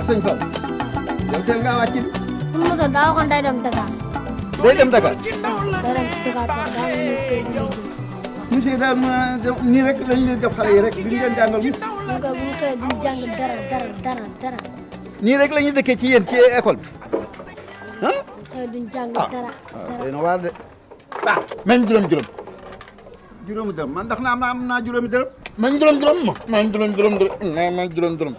waaw sëñ Fall yow teel ngaa wàcc. suñu Moussa daa waxoon day dem Dakar. day dem Dakar. day dem Dakar monsieur daal ma nii rek lañ leen def xale yi rek duñu leen jàngal ñu. bu ñu koy bu ñu xëyee duñu jàng dara dara dara dara. nii rek la ñuy dëkkee ci yéen ci école bi ah. xëy duñu jàng dara dara waaw day na waar de. waaw meññ juróom-juróom. juróomi dërëm man ndax naa am naa juróomi dërëm. meññ juróom-juróom ma. meññ juróom-juróom de meññ juróom-juróom.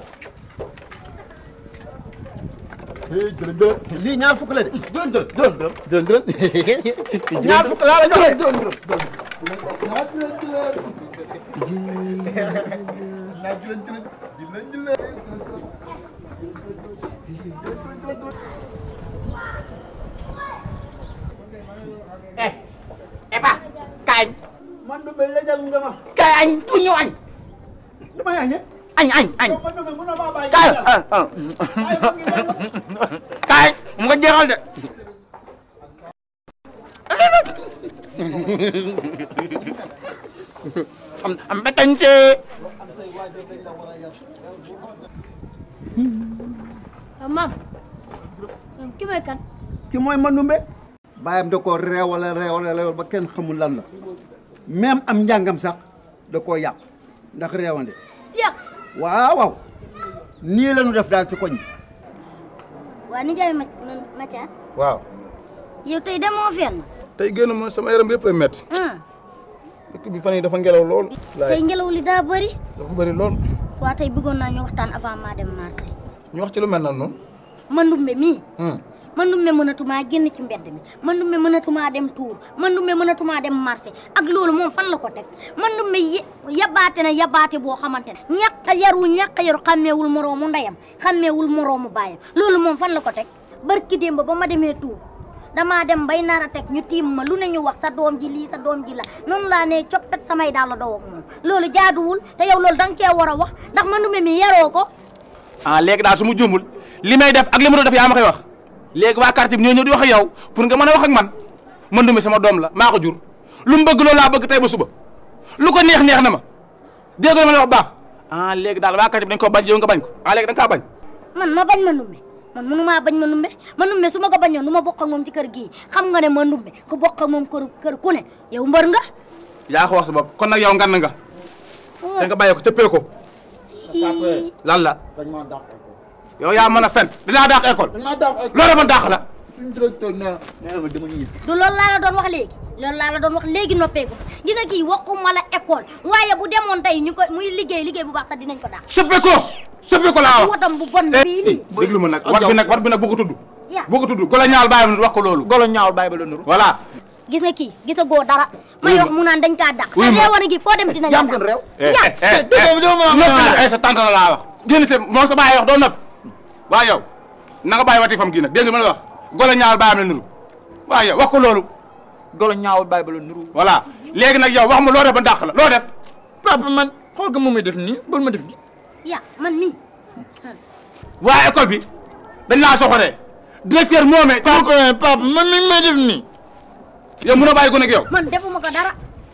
lii ñaar fukk la de. dërëm dërëm dërëm fukk laa la joxe dërëm eh, dërëm. Eba kañ. man du mel ne nga ma. kañ ku ñu añ añ añ kaay kaay mu nga jeexal de am am betante maam ki mooy kan ki mooy da ko reewale reewale ba kenn xamul lan la même am njàngam sax da koo yàq ndax reewande waaw waaw nii la ñu def daal ci koñ bi. waa ni jaay ma waaw. yow tey demoo fenn. tey génn ma sama yaram yëpp ay métti. dëkk bi fan yii dafa ngelaw lool. tey ngelaw li daa bëri. dafa bëri lool. waa tey bëggoon naa ñu waxtaan avant maa dem marché. ñu wax ci lu mel nan noonu. Mandumbe mii. man me meunatuma genn ci mbedd mi man me meunatuma dem tour man me meunatuma dem marché ak lolu mom fan la ko tek man me yabate na yabate bo xamantene ñak yaru ñak yaru xamewul moromu ndayam xamewul moromu baye lolu mom fan la ko tek barki démb ba ma tour dama dem bay nara tek ñu tim ma lu neñu wax sa dom ji li sa dom ji la ne coppet samay daal do ak mom lolu jaaduwul te yow lolu dang ci wara wax ndax man me mi yaroko ah leg da su mu jumbul def ak limu do def ya ma koy wax leg wa quartier bi ñoo ñëw di wax yow pour nga mëna wax ak man man dumé sama dom la mako jur lu mu bëgg lo la bëgg tay bu suba lu ko neex neex na ma déggal ma wax ba ah leg dal wa quartier dañ ko bañ yow nga bañ ko ah leg dañ ka bañ. man ma bañ ma numé man mënumaa bañ ma numé man numé suma ko bañ du ma bokk ak mom ci kër gi xam nga né man numé ko bokk ak mom kër kër ku né yow mbor nga. ya ko wax sa kon nak yow ngan nga. da oh. nga bayé ko teppé ko. lan la. dañ maa dàq yow yaa mën a fen dinaa daax daax école loolu man daax la. suñu directeur nee na ma dama ñibbi. du loolu laa la doon wax léegi. loolu laa la doon wax léegi noppeeku gis nga kii waxuma la école waaye bu demoon tey ñu ko muy liggéey liggéey bu baax sax dinañ ko daax. sëppe ko sëppe ko laa wax watam bu bon bii nii. Eh, déglu ma nag war bi nag war bi nag bu ko tudd. yaa bu ko tudd golo ñaawul ba wax ko loolu. golo ñaawul ba la nuru voilà. gis nga kii gis nga góor dara. may wax mu naan dañ kaa dàq. oui ma te foo dem dinañ. jàmm gën eh, eh, sa tante laa wax. génn moo sa bàyyi wax doo noppi waaw yow na nga bàyyi wati fam gi nag dégg nga mën a wax golo ñaawul bàyyi am la nuru waaw yow wax ko loolu golo ñaawul bàyyi ba la nuru voilà léegi nag yow wax ma loo def ba ndàq la loo def papa man xool moo moom def nii bul ma def nii ya man mii waa école bi dañ laa soxoree directeur moomee papa man mi may def nii yow mun a bàyyi ko nag yow man defuma ko dara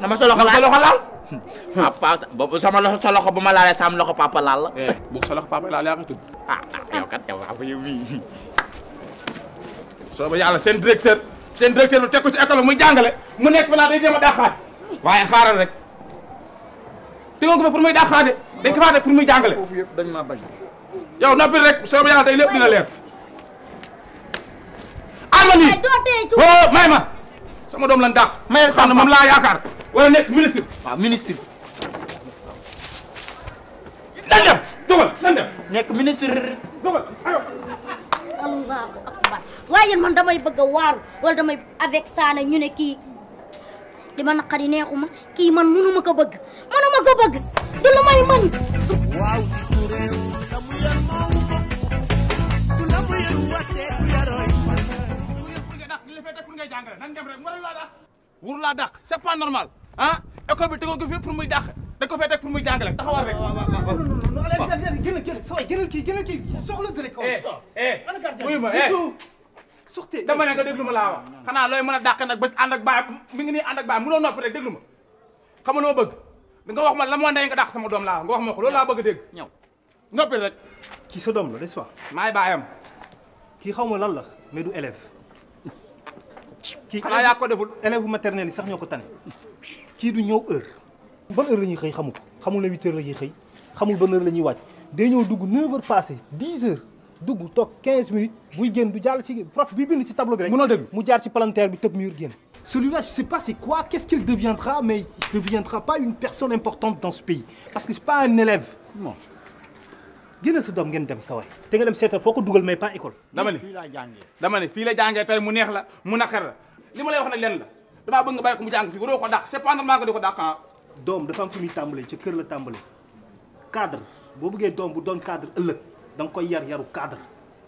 na ma sa loxo laal sa loxo laal. papa sama loxo sa loxo bu ma laalee sam loxo papa laal la. Eh, bu sa loxo papa laal yaa ko tudd. ah ah yow kat yow waaw yow mii. soo ba yàlla seen directeur seen directeur lu teg ko ci école muy jàngale mu nekk fa naa day jéem a dàqaat waaye xaaral rek tegoon ko fa pour muy dàqaate dañ ko faa def pour muy jàngale. foofu yëpp dañ maa bañ. yow noppi rek soo ba yàlla day lépp dina leer. alma nii oh, may ma sama doom lan dàq. may xam ne moom laa yaakaar. wala nekk ministre. waaw ministre. lan dem nekk ministre. dogal aywa. waaye man damay bëgg a waaru wala damay avec saana ñu ne kii di ma naqari neexuma kii man mënuma ko bëgg mënuma ko bëgg du lu may mën. waaw. wuru laa dàq c'est pas normal ah école bi ko fi pour muy dàq da ko fee teg muy jàngale taxawal rek. waaw waaw waaw non non génn génn sa waay kii génnal kii soxla dëgg kaw. Eh, eh, ana gardien eh. dama ne nga déglu ma laa xanaa looy a dàq nag ba ànd ak baay mi ngi nii ànd ak baay mënoo noppi rek déglu ma xam loo bëgg nga wax ma la moo ndey nga dàq sama doom laa nga wax ma ko loolu laa bëgg a dégg ñëw noppi sa doom la n'est-ce pas maay kii xaw ma lan la mais du élève kii xanaa yaa deful élève maternelle sax ñoko tané ki du ñëw heure ban heure lañuy xey xëy xamul xamul ne huit heures la ñuy xamul ban heure lañuy ñuy wàcc day ñëw dugg 9h passé 10h dugg tok 15 minutes buy génn du jall ci prof bi bind ci tableau bi rek mënoo déglu mu jaar ci palanteer bi tëb mur génn celui-là je sais pas c'est quoi qu'est-ce qu'il deviendra mais il deviendra pas une personne importante dans ce pays parce que c'est pas un élève non jëlal su dom ngeen dem sa way te nga dem setal foko duggal may pa pas école. dama ni fii la jàngee dama ni fi la jangé tay mu neex la mu naqar la li lay wax nak len la dama bëgg bay ko mu jàng fii waroo ko dakk c'est pas normal ko diko dakk ah. dom dafa am fu mi tambalé ci kër la tambalé cadre bo bëggé dom bu don cadre ëlëk dang koy yar yaru cadre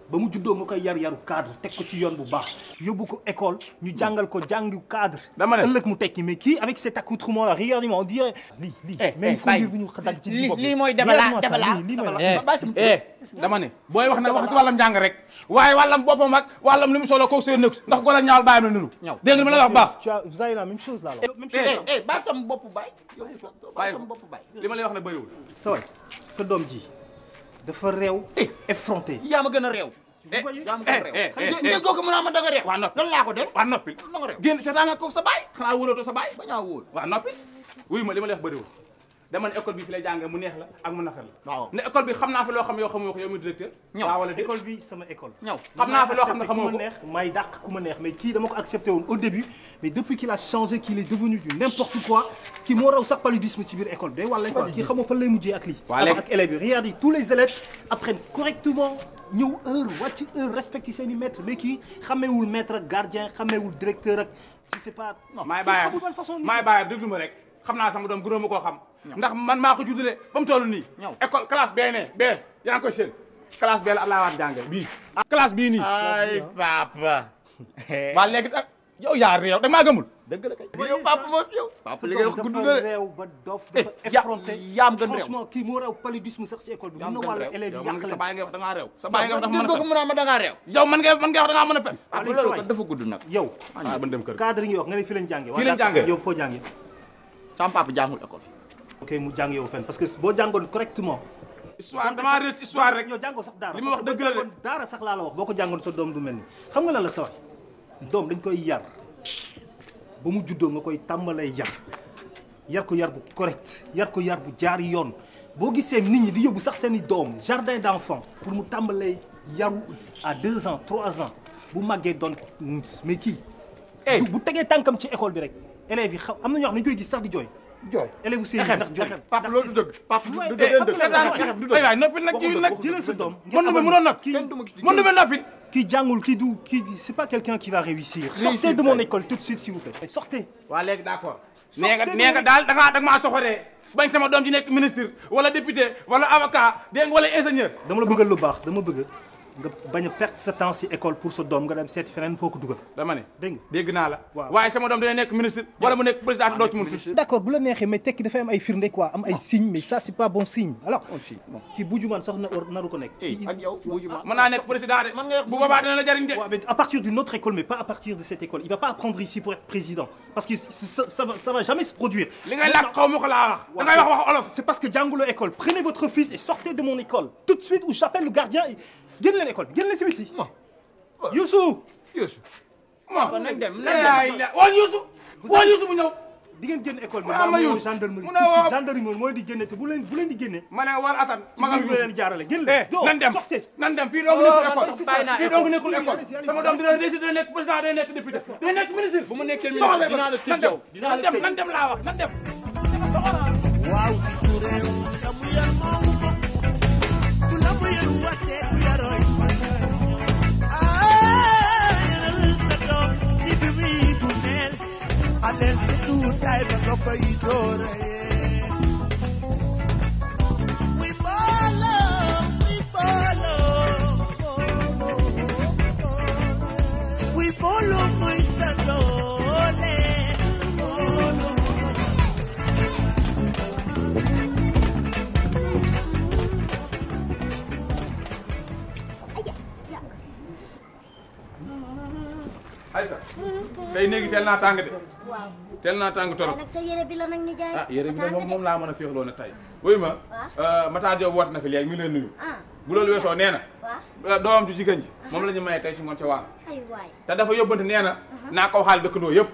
ba mu juddoo nga koy yaru yaru cadre teg ko ci yoon bu baax yóbbu ko école ñu jàngal ko jàngu cadre ne ëllëg mu tekki mais kii avec cet accoutrement là regardez-moi on dirait lii lii eh, même conduire eh, bu ñu dagg ci bopp lii mooy dabala dabala eh, dama ne booy wax nag wax ci wàllam jàng rek waaye wàllam boppam ak wàllam li mu solo kooku seen nëkk ndax gola ñaawal bàyyam la nuru dégg nga ma la wax baax vous avez la même chose là baal sam bopp baay baal sam bopp baay li ma lay wax ne bëriwul sa doom ji dafa réew. Eh. effronté. yaa ma gën a réew. Eh, eh, yaa ma gën a réew. xam nga mu ne ah man a nga réew. lan laa ko def. waaw noppi lan la ko réew. génn seetaan ak kooku sa baay. xanaa wóoloo sa baay. bañ a wóol waaw ma li ma lay wax bëriwul dama ne école bi fi lay jàngee mu neex la ak mu naqar la né école bi xam naa fi loo xam yoo xamoo ko yow mi directeur waaw wala école bi sama école ñaw xam naa fi loo xam ne xamoo ko neex may dàq ku ma neex mais kii dama ko accepté woon au début mais depuis qu'il a changé qu'il est devenu du n'importe quoi ki moo raw sax paludisme ci biir école day wàlle quoi kii xamoo fan lay mujjee ak lii ak élèves yi regarde tous les élèves apprennent correctement ñëw heure wàcc heure respecté seen i maître mais kii xameewul maître ak gardien xameewul directeur ak je sais pas non maay bàyyi maay bàyyi déglu ma rek xamna sama doom gënoo ma xam ndax man mako ko bam tollu ni école classe bee ne bee yaa ngi koy seen classe bé la allah waat jàngal bi ah, classe bi ni ay papa ba léegi nag yow ya réw dag ma gëmul deug la kay yow papa mo yow papa li ngay wax gudd dundé réw ba dof eh, dafa ya- effronté yam gën réw franchement ki mo réw paludisme sax ci école bi mëna wala élève yi sa baay ngay wax da nga réw sa baay ngay wax da nga mëna fen mën a ma da nga réw yow man ngay man ngay wax da ngaa mën a fen loolu dafa gudd nak yow ban ah, dem kër cadre yi wax nga ne fii lañ jàngee fi lañ jàngee yow fo jàngee sama papa jàngul école. mu jàng yow parce que boo jàngoon correctement. histoire damaa rëcc histoire rek yoo jàngoo sax daara li ma wax dëgg la de daara sax laa jàngoon sa doom du mel ni xam nga la la sawar doom dañ koy yar ba mu juddoo nga koy tàmbalee yar yar ko yar bu correct yar ko yar bu jaar yoon boo gisee nit ñi di yobbu sax seen i doom jardin d'enfant pour mu tàmbalee yaru à deux ans trois ans bu màggee doon mais kii eh. bu tegee tànkam ci école bi rek élève est am xam est koy sax di papa papa du c'est pas quelqu'un qui va réussir sortez de mon école tout de suite s'il vous plaît sortez d'accord nga bañ sama ministre wala député wala avocat wala ingénieur dama la nga perte sa temps si école pour sa dom nga dem seeti feneen foko ko dugal. dama ne dégg nga dégg la. waaw sama dom dina nek ministre wala mu nek président do ci mun. d' accord bu la nexé mais tekki fay am ay firnde quoi am ay ah. signe mais ça c'est pas bon signe. alors kii Bujuman sax na naru ko nekk. Eh, ak yow Bujuman mën naa nekk président de. nga bu la jëriñ de. wa mais à partir d'une autre école mais pas à partir de cette école il va pas apprendre ici pour être président parce que ça ça va ça va jamais se produire. li ngay la xaw ma ko laa wax. da ngay wax wax olof. c'est parce que jànguloo école prenez votre fils et sortez de mon école tout de suite ou j'appelle le gardien génn leen école bi génn leen si biti. Euh. Youssou. Youssou. waaw nañ dem nañ dem waaw Youssou. waaw Youssou mu génne leen bu génne ma ne ma nga leen jaarale génn eh, nan dem nan dem fii doogu oh, nekkul école fii doogu nekkul école sama doom dina réussir dina nekk président day nekk député day nekk laa wax عليك ستوت عيبك بيدوري Follow my salone. Aïssa, tey néegi teel naa tàng de. ten naa tàng torop nag sa bi la nag nijaay ah yére bi moom moom laa mën a féexloo nag tey wuyu ma euh, Matar Diop woote na fi léegi mi leen nuyu ah. bu weesoo nee na euh, doomam ju jigéen ji ah. moom la ñu maye tey si ngoon ca waan ay dafa yóbbante nee na uh-huh. naa ko waxaal dëkkandoo yëpp ah.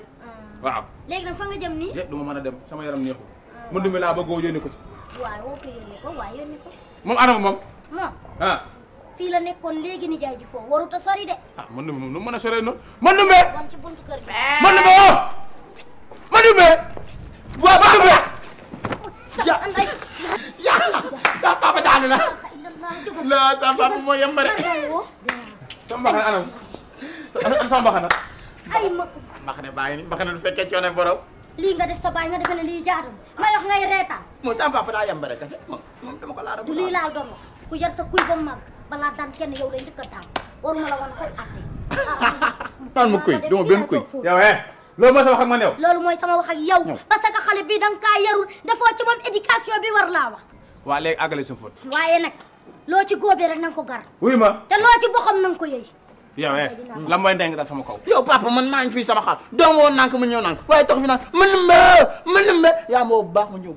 waaw léegi nag fa nga ma mën a dem sama yaram neexul mëndu mi laa bëggoo yónni ko ci waay woo ko yónni ko waay yónni ko moom anam moom moom ah fii a sori de ah na moom nu mu mën a sori noonu mën Madube! Buwa Madube! Ya! Ya! Sa papa daanu Lah, La sa papa moo yem rek. Sa mbaxane anam. An sa Ay ma. Mbaxane bàyyi ni mbaxane du fekkee coono borom. nga def sa nga defe ne lii jaadul may wax ngay reetaan moom sama papa daa yambare kase moom moom dama ko laara du lii laal kenn yow lay la sax tan kuy duma kuy yow loolu mooy sama wax ak man yow. loolu mooy sama wax ak yow. parce que xale bii da nga kaa dafoo ci moom éducation bi war laa wax. waa léegi àggale sa fóot. waaye nag loo ci góobee rek na nga ko gar. wuy ma te loo ci boxam na ko yëy. yow eh lan mooy ndeng daal sama kaw. yow man maa fii sama xaal doom woon naa ko mu ñëw naa ko waaye tax fi naan mën na ma mën na ma ma woo bu baax mu ñëw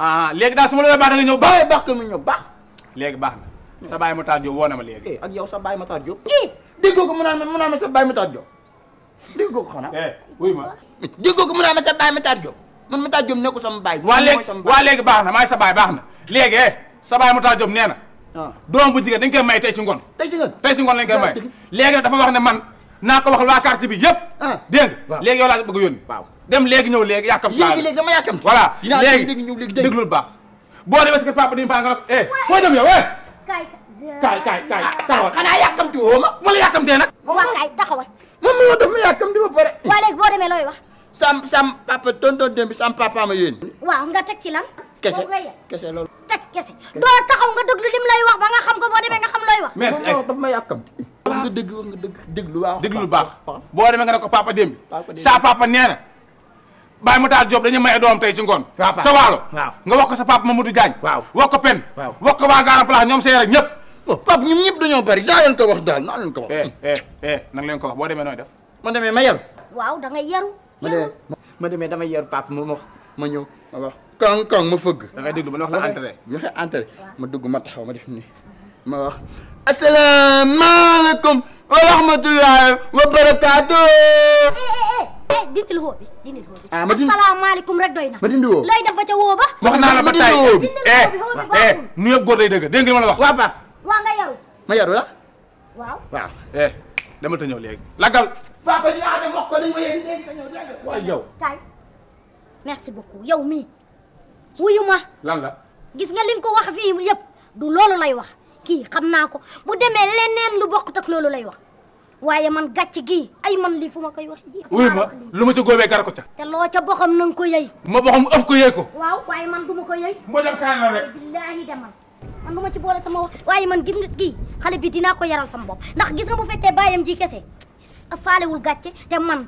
ah, daal su ma la baax da nga baax. waaye baax ko mu ñëw baax. léegi na sa baay Matar Diop woo na ma eh, ak yow sa baay Matar Diop. kii déggoo ko mu naan ma mu ma sa baay déggoo ko xanaa. Eh, wuy ma. déggoo ko mu naa ma sa baay ma taat jóg man ma taat ne nekkul sama baay. waa léegi waa baax na maay sa baay baax na léegi eh, sa baay ma taat jóg nee na. Ah. doom bu jigéen dañ koy may tey ci ngoon. tey ci ngoon tey may. léegi nag dafa wax ne man naa ko wax waa quartier bi yëpp. Ah. dégg nga léegi yow laa bëgg a yónni. dem léegi ñëw léegi yàkkam. léegi léegi dama yàkkam. voilà léegi déglul baax boo demee si kër papa dañu faa nga rek eh foo dem yow eh. kaay kaay kaay taxawal xanaa yàkkamti woo ma wala yàkkamtee nag. waaw kaay taxawal. moom moo ma yàkkam ba pare. waa léegi boo demee looy wax. sam sam papa tonton démb sam papa ma yéen. waaw nga teg ci lan. kese kese loolu. teg kese doo taxaw nga déglu lim lay wax ba nga xam ko boo demee nga xam looy wax. merci moom daf ma yàkkam. nga dëgg wax nga déglu baax. déglu boo demee nga ne ko papa démb. papa papa nee na. Baye Matar Diop dañu a doom tey ci ngoon sa waalo nga wax ko sa papa Mamadou Diagne. waaw wax ko Penn. waaw wax ko waa Garam ñoom sey rek bon pap ñun ñep dañu bari da leen ko wax dal na leen ko wax. eh eh eh nang leen ko wax bo demee noy def. ma demee ma yaru. waaw da ngay yaru. ma demee dama iya, yaru pap ma wax ma ñew ma wax. kang kang ma fëgg. da ngay deglu ma eh. ya, wax la ñu xé entrée ma dugg ma taxaw ma def ni ma wax. asalaamaaleykum wa rahmatullahi wa barakatuh dindil hobi dindil woo rek doyna ma dindi woo lay def ba ca woo ba. la ba eh eh nuyoog gue lay dëgg dégg nga li ma la wax. wa waa nga yaru ma yaru la waaw waaw eh, ta ñëw léegi lagal papa di aada ah, wax ko ni ma yéen léegi yow kay merci beaucoup yow mii wuyu ma ko wax fii yëpp du lay wax kii xam naa ko bu demee leneen lu bokkut ak loolu lay wax waaye man gàcc gii ay man lii fu ma koy wax wuyu ma lu ma ci góobee gar ko ca te loo ca boxam na ko yëy ma boxam ëf ko yëy ko waaw waaye man du ko yëy mbojam kaan la rek billaahi man bu ma ci boole sama waaye man gis nga kii xale bi dinaa ko yaral sama bopp ndax gis nga bu fekkee bàyyam ji kese faalewul gàcce te man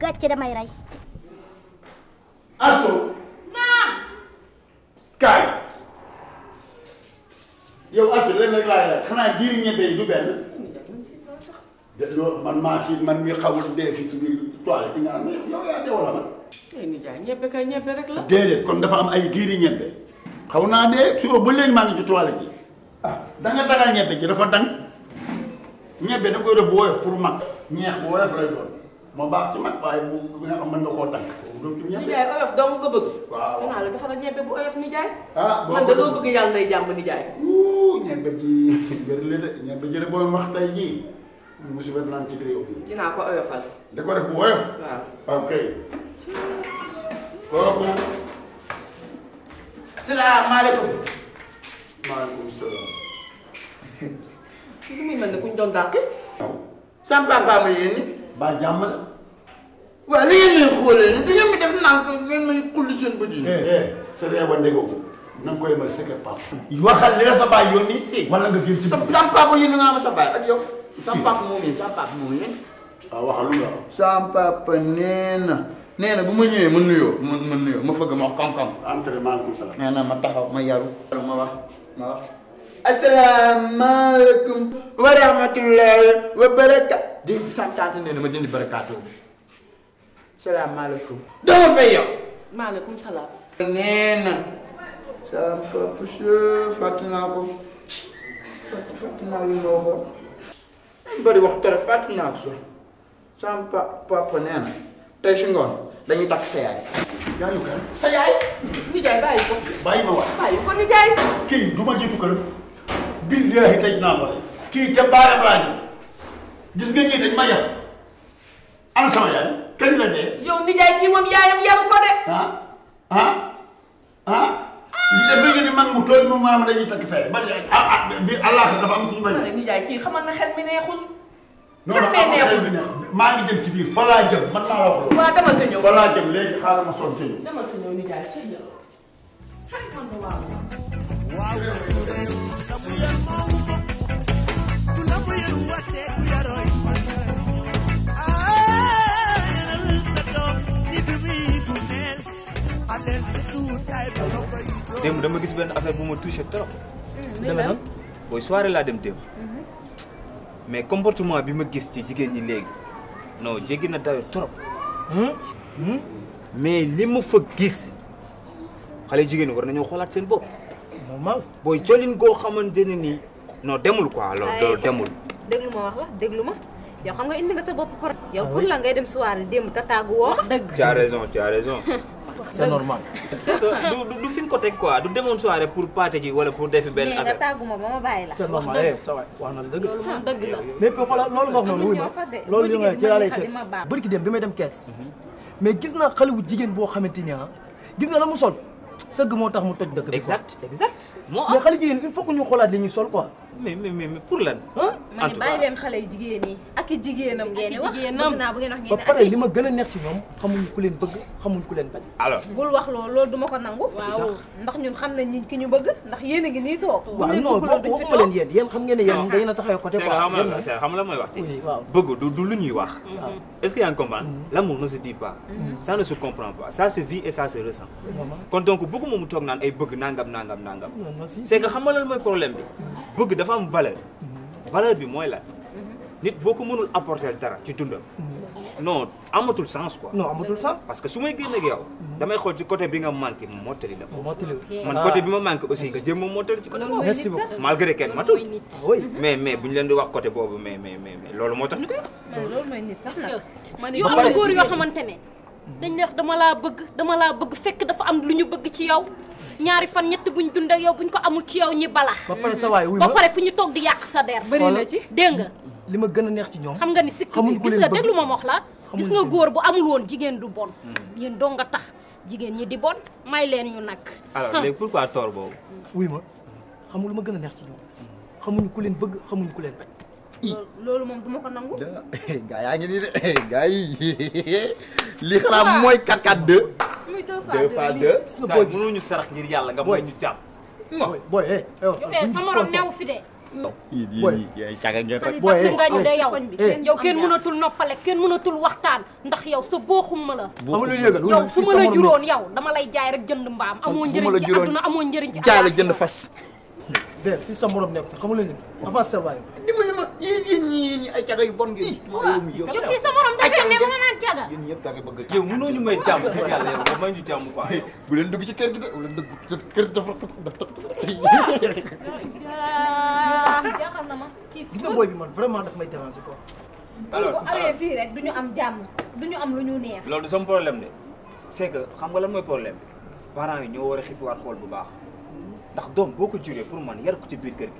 gàcce damay rey. Asto. naam. kaay. yow Asto leen rek laay laaj xanaa yi du benn. de loolu man maa ci man mi xawul dee fii ci biir toile bi nga xam ne yaa dee wala man. ay eh, nijaay ñebe kay ñebe rek kon dafa am ay jiiri ñebe. xawna de dee suba ba léegi maa ngi ci toile ji ah da nga dagal ñebbe ci dafa dang ñebbe da koy def bu woyof pour mag ñeex bu woyof lay doon mo baax ci mag waaye bu nga xam mën nga koo dang oyof dong nga bëgg waaw naa la dafa ñebbe ah man da loo bëgg yàlla day jàmm nijaay uh, wuu ñebbe ji wérle de ñebbe ji de wax tey jii musiba naan ci réew bi dinaa ko salaamaaleykum. maaleykum salaam. lu muy mel ne ku ñu doon dàqe. Eh? sama papa ma yéen ni. ba jàmm la. waaw li ngeen may xoolee ni da ngeen mi def nànk ngeen may xulli seen bët yi. sa réew a ndegoo ko na nga koy mel sa kër papa. waxal li la sa nga fi ci sa sama papa yéen nga am sa baay ak yow. sama papa moom yéen sama papa moom yéen. ah nee na bu ma ñëwee ma nuyoo ma ma nuyoo ma fëgg ma wax na ma taxaw ma yaru ma wax ma wax. asalaamaaleykum. wa rahmatullaahi wa barakaatu. di santaate nee na ma dindi barakaatu bi. salaamaaleykum. dama fay yow. maaleykum salaam. nee na. salaam papa fàtte naa ko fàtte fàtte naa li ma waxoon. papa nee tey si ngoon. dañuy takk sa yaay. yaayu kan sa yaay. nijaay bàyyi ko. bàyyi ma waay bàyyi ko nijaay. kii du ma jiitu këram. billaahi tëj naa ma kii ca baayam laa ñu gis nga ñii dañ ma yab ana sama yaay kañ la dee. yow nijaay kii moom yaayam yabu ko de. ah ah ah. li def nga mu tooñ mu maam dañuy takk fee ba ah ah bi allah dafa am suñu bay. nijaay kii xamal na xel mi neexul. non maa ngi jëm ci biir fa laa jëm man maa wax loolu. waaw dama te ñëw fa laa jëm léegi xaaral ma sonn te ñëw. dama te ñëw ni daal ci yow. démb dama gis benn affaire bu ma touché trop. Hmm, dama nan booy soirée laa dem démb. Hmm. mais comportement bi ma gis ci jigéen ñi légui non jéggi na dayo trop. Hmm? Hmm? mais limu fa gis xalé jigéen war nañu xolaat seen bopp. normal booy jolin goo xamante ni non demul quoi. alors loolu demul. déglu ma wax la degluma yow xam nga indi nga sa bopp ah pour yow pour la ngay dem soirée démb te tàggu woo. dëgg tu as raison tu as raison. c'est normal. du du fi mu ko teg quoi du demoon soirée pour pàate ji wala pour defi benn affaire. mais nga tàggu eh, wax na la dëgg. loolu moom dëgg la mais xoolal loolu nga wax dem bi mhm. mais gis naa xale wu jigéen boo xamante ni ah gis nga la mu sol sëgg moo tax mu toj dëgg bi. exact exact moo am mais xale jigéen il faut que ñu xoolaat li ñuy sol quoi mais mais mais pour lan. en tout cas bàyyi leen xale jigéen yi ak i jigéenam ngeen ba pare li ma gën a neex ci ñoom xamuñ ku leen bëgg xamuñ ku leen bañ. alors bul wax loolu loolu duma ko nangu. waaw ndax ñun xam nañ ki ñu bëgg ndax yéen a ngi nii toog. waaw non waxuma leen xam ngeen ne yéen ah, da ngeen a taxawee côté. c'est lu ñuy wax. est-ce que yaa ngi comprendre. Mm-hmm. l'amour ne se dit pas. Mm-hmm. ça ne se comprend pas ça se vit et bëgg nangam nangam nangam. c'est que xam nga lan mooy problème bi mm-hmm. bëgg dafa valeur valeur bi mooy la nit boo mënul apporter dara ci dundam non amatul sens quoi. non le sens. parce que su may génn ak yow. damay xool ci côté bi nga manqué la. côté ah. aussi nga jëm ci côté merci beaucoup malgré kenn matul. oui mais mais buñ côté mais mais mais tax nit sax dama bëgg dama bëgg ñaari fan ñett buñ dund ak yow buñ ko amul ci yow ñi balax ba pare sa waay wuy ma ba pare fu ñu toog di yàq sa der bëri na ci dégg nga li ma gën a neex ci ñoom xam nga ni sikk bi gis nga déglu ma wax la gis nga góor bu amul woon jigéen du bon hmm. yéen doo nga tax jigéen ñi di bon may leen ñu nag alors léegi pourquoi tort boobu wuy ma xamul lu ma gën a neex ci ñoom hmm. xamuñu ku leen bëgg xamuñu ku leen bañ heh heh heh heh heh heh heh heh heh heh de heh heh heh heh heh heh heh heh heh heh heh heh heh heh heh ñu sarax ngir heh nga heh ñu heh heh heh heh heh sama heh heh fi heh heh heh heh ngeen rek. heh eh heh yow heh mënatul heh heh mënatul waxtaan ndax yow heh heh heh heh heh heh yow fu heh heh heh yow dama lay jaay rek jënd heh heh heh ci heh heh heh ci heh jaay la jënd fas. déet si sa morom nekk fi xamul leen ni avance seen waay. dimbali ma yéen ñii yu bon ngeen. waaw yow fii sa morom dafa ne mu nga naan caga. ñëpp da bëgg a caga yow mënoo ñu may jàmm pour yàlla yow may ñu jàmm quoi. leen dugg ci kër gi de bu leen dugg ci kër gi dafa jaaxal na ma. gis nga booy bi man vraiment daf may déranger quoi. alors bu awee fii rek du ñu am jàmm du ñu am lu ñu neex. loolu du sama problème de c'est que xam nga lan mooy problème bi parents yi ñoo war a xippiwaat xool bu baax ndax doom boo ko juree pour man yar ko ci biir kër gi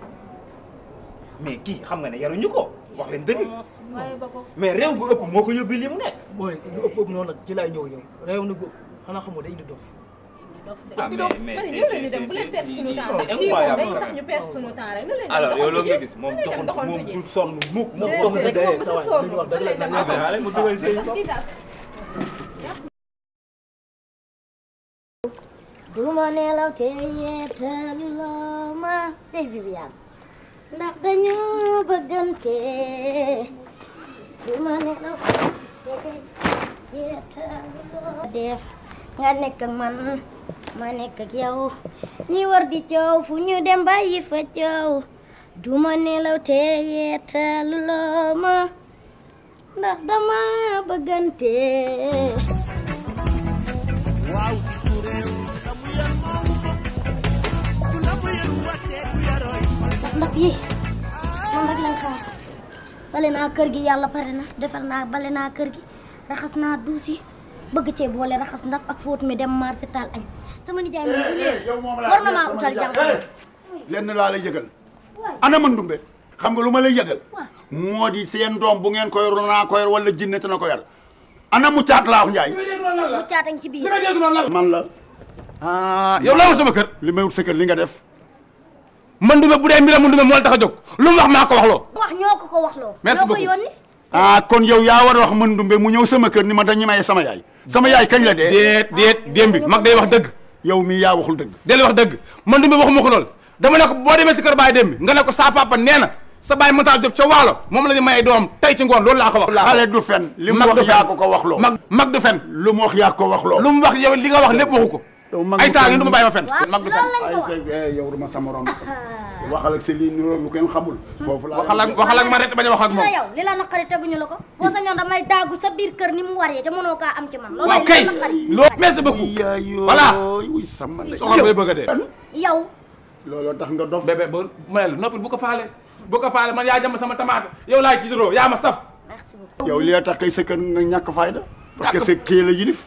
mais kii xam nga ne yaruñu ko wax leen dëgg mais réew gu ëpp moo ko yóbbi li mu nekk mooy lu ëpp ëpp noonu nag ci laay ñëw yow réew na gu ëpp xanaa xamoo day indi dof ah mais mais c'est c'est c'est incroyable. alors yow loo ngi gis moom doxul moom du sonn mukk moom doxul dayee sa waay li ñu wax dëgg duma nelaw te yeetalu loo ma tey Viviane ndax dañoo bëggante duma nelaw te yeetalu loo def nga nekk ak man ma nekk ak yow ñi war di coow fu ñu dem bàyyi fa coow duma nelaw te yeetalu loo ma ndax dama bëggante fii moom rek lañ xaar bale naa kër gi yàlla ya pare na defar naa bale naa kër gi raxas naa duusi bëgg cee boole raxas ndab ak fóot mi dem marché taal añ sama nijaay eh, eh, mi war na maa utal jàng lenn laa lay yëgal ana man dumbe xam nga lu lay yëgal moo seen doom bu ngeen ko yor naa wala jinne te na ko yor ana mu caat laa wax njaay mu caat a ci biir man la ah yow laa sama kër li wut sa kër li nga def man dume bu dee mbiram mu dume moo la a jog lu mu wax maa ko wax loo. wax ñoo ko ko wax loo. merci ah kon yow yaa war a wax man dumbe mu ñëw sama kër ni ma dañu may sama yaay sama yaay kañ la dee. déet déet démb bi mag day wax dëgg. yow mii yaa waxul dëgg. del wax dëgg man dumbe waxuma ko lool dama ne ko boo demee si kër baay démb nga ne ko saa papa nee na sa baay Matar Diop ca waalo moom la ñu may doom tey ci ngoon loolu laa ko wax. xale du fen li ko wax loo. mag mag du fen. lu mu wax yaa ko wax loo. lu mu wax li nga wax lépp waxu ko ay saa ngeen du ma bàyyi ma fen mag du fen ay yow du ma sa morom waxal ak si lii lu kenn xamul foofu la waxal ak waxal ak ma rek bañ a wax ak moom yow li la naqari teguñu la ko boo sa ñoon damay daagu sa biir kër ni mu waree te ya, mënoo kaa am ci iya, kan? iya, man loolu kay loolu merci beaucoup voilà soxal bay bëgg a dee yow looloo tax nga dof bébé ba mayel noppil bu ko faale bu ko faale man yaa jëm sama tamaate yow laa ci gitu, doroo yaa ma saf merci beaucoup yow li tax kay sa kër nga ñàkk fayda parce que c'est kii la yilif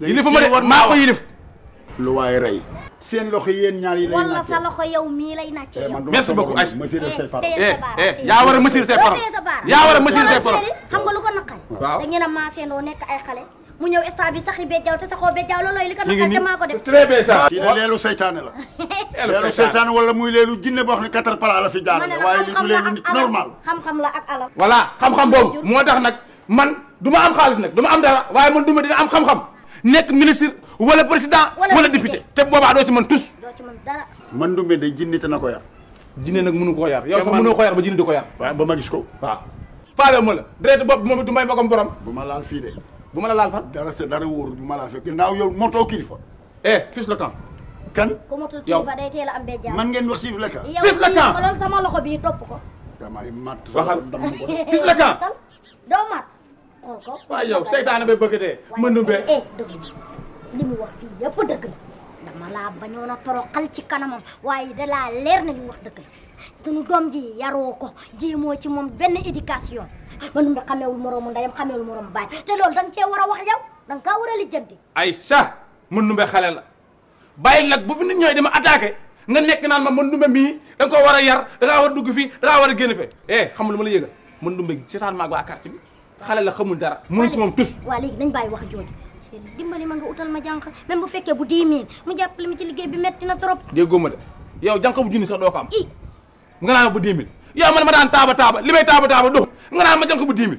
yilif ma ko yilif lu waay rey. seen loxo yéen ñaar yi lay wala sa loxo yow mii lay nàccee eh, yow. merci beaucoup eh, ay eh, yaa war a mesure say parole yaa war a mesure say parole xam nga lu ko naqal. waaw da ngeen a maaseenoo nekk ay xale. leelu seytaane la. leelu seytaane wala muy leelu jinne boo xam ne quatre para la fi jaar waaye li du leelu nit normal. xam-xam la ak alal. voilà xam-xam boobu moo tax nag man du ma am xaalis nag du am dara waaye man du ma dina am xam-xam nek ministre wala président wala député té boba do ci man tus man dumbe de jinné té nako yar jinné nak mënu ko yar yow sax mënu ko yar ba jinné diko ko yar wa ba ma gis ko wa faalé ma la deret bop momi du may bokkam borom buma laal fi dé buma la laal fa dara sé dara wóor buma la fekk yow moto kilifa eh fils le camp kan ku motul kilifa day té la am bee jaar man ngeen wax fils le camp fils le camp sama loxo bi top ko damay mat waxal fiche le camp do mat waaw yow seytaane bay bëgg dee mënu be eh, eh, li mu wax fii yëpp dëgg la dama laa bañoon a toroxal ci kanamam waaye da laa leer na li mu wax dëgg la sunu doom ji yaroo ko jéemoo ci moom benn éducation mënu be xameewul moroomu ndeyam xameewul moroomu baay te loolu da nga cee war a wax yow da nga kaa war a lijjanti ay sa mënu be xale la bàyyi nag bu fi nit ñooy dama attaqué nga nekk naan ma mën dumbe mii da koo war a yar da ngaa war a dugg fii da ngaa war a génn fe eh xam lu ma la yëgal mën dumbe seetaan maag waa bi xale la xamul dara mënu ci mom tous wa léegi dañ baye wax jooju dimbali ma nga outal ma jank même bu fekke ya, bu 10000 mu jàppale ma ci liggéey ya, bi metti na trop déggoo ma de yow ya, jànq bu jinn sax do ko am nga naan bu 10000 yow ah, man ma daan taba taba limay taba taba do nga na ma jank bu 10000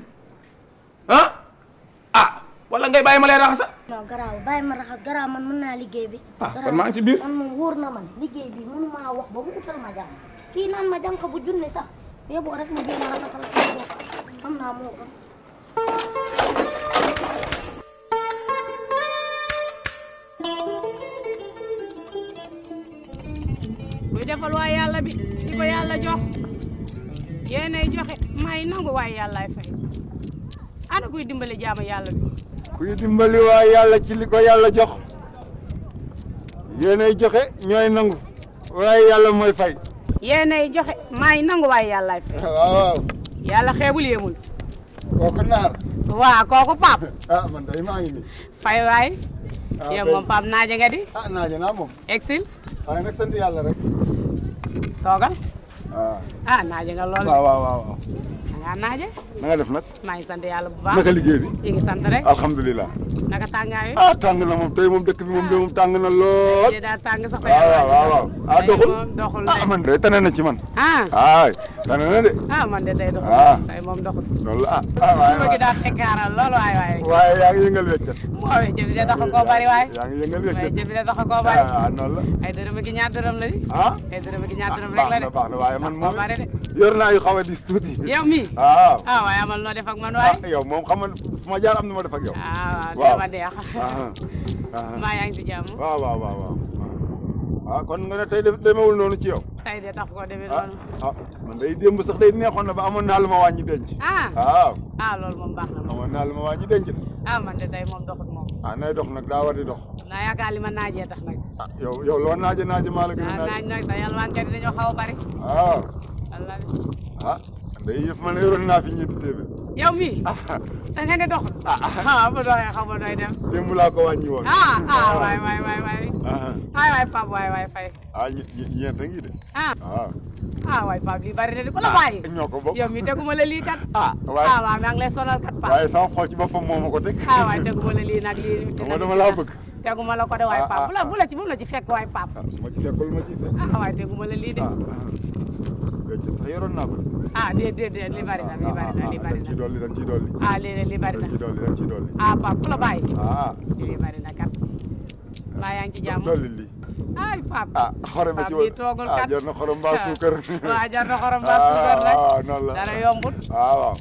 han ah wala ngay baye ma lay raxa non graw baye ma raxas graw man mën na liggéey bi ah kon maa ci bir man moom wor na man liggéey bi mënu ma wax ba mu outal ma jank ki nan ma jank bu jinn sax yóbboo rek ma jéem a raxa sama bopp xam naa moo luy defal waay yàlla bi di ko yàlla jox yéenay joxe may nangu waay yàllaay fay ana kuy dimbali jaamu yàlla bi kuy dimbali waay yàlla ci li ko yàlla jox yéenay joxe ñooy nangu waaye yàlla mooy fay yéenay joxe may nangu waay yàllaay fay waaw waaw yàlla xeebul yéemul kooku naar. waaw kooku Pape. ah man day maa ngi nii. fay waay. ah yow naaje nga di. ah naaje naa moom. exil. waaye nag sant toogal. Ah. ah naaje nga lool. waaw waaw waaw. nga naaje na nga def nag maa ngi sant yàlla bu baax naka liggéey ah tàng na moom tey moom dëkk bi moom de moom tàng na lool daa tàng sax waaw waaw waaw ah ah ah ay tane ah man de tey ah tey moom doxul loolu ah ah waay waay daa tekkaaral lool waay waay waay yaa ngi yëngal weccat waay jëf de tax ko bari waay yaa ngi yëngal weccat waay jëf de tax ko bari ah, ah noonu la ay ah ay dërëm ak ñaar ah, dërëm rek la de baax na waaye man ah, moom yor naa yu xaw a dis tuuti ah waaye amal noo def ak man waaye yow moom xam nga fu ma jaar am na ma def ak yow ah waaw dama deex maa yaa ngi si waaw waaw waaw waaw ah, ah kon nga ne tey demewul noonu ci yow tey de tax ko demee ah, noonu ah man day démb sax day neexoon na ba amoon naa lu ma denc ah waaw ah, ah loolu moom baax na amoon naa lu ma denc ah man de tey moom doxut moom ah nay dox nag daa war di dox naa yaakaar li ma naajee tax nag ah yow yow loo naaje naaje maa la gën a naaj nag te yàlla wante dañoo xaw bari ah ah day yëf man yoroon naa fi ñetti téeméer. yow mii. Ah, ah. da ngeen di dox. ah, ah. bu doyee xaw ma doy dem. démb laa ko wàññi woon. ah ah waay waay waay waay. waay waay Pape waay waay Faye. ah ñeent a ngi de. ah ah waay Pape lii bari na di ko la bàyyi. ñoo ko bokk yow mii teguma la lii kat. ah waay ah waaw maa ngi lay sonal kat Pape. waaye sama xol ci boppam moo ma ko teg. ah waay teguma la lii nag lii. dama dama laa bëgg. teguma la ko de waay Pape bu la bu la ci bu la ci fekk waay Pape. ah su ma ci fekkul ma ci fekk. ah waay teguma la lii de. béykat sax yoroon naa ko. ah déedéet déedéet li bari na li bari na li bari na. ci dolli dañ ci dolli. ah léeg-léeg li bari na ci dolli dañ li bari na kat. mbaa ci jàmm ay Pape. ah xorom kat ah jar na suukar. dara yombut. ah waaw.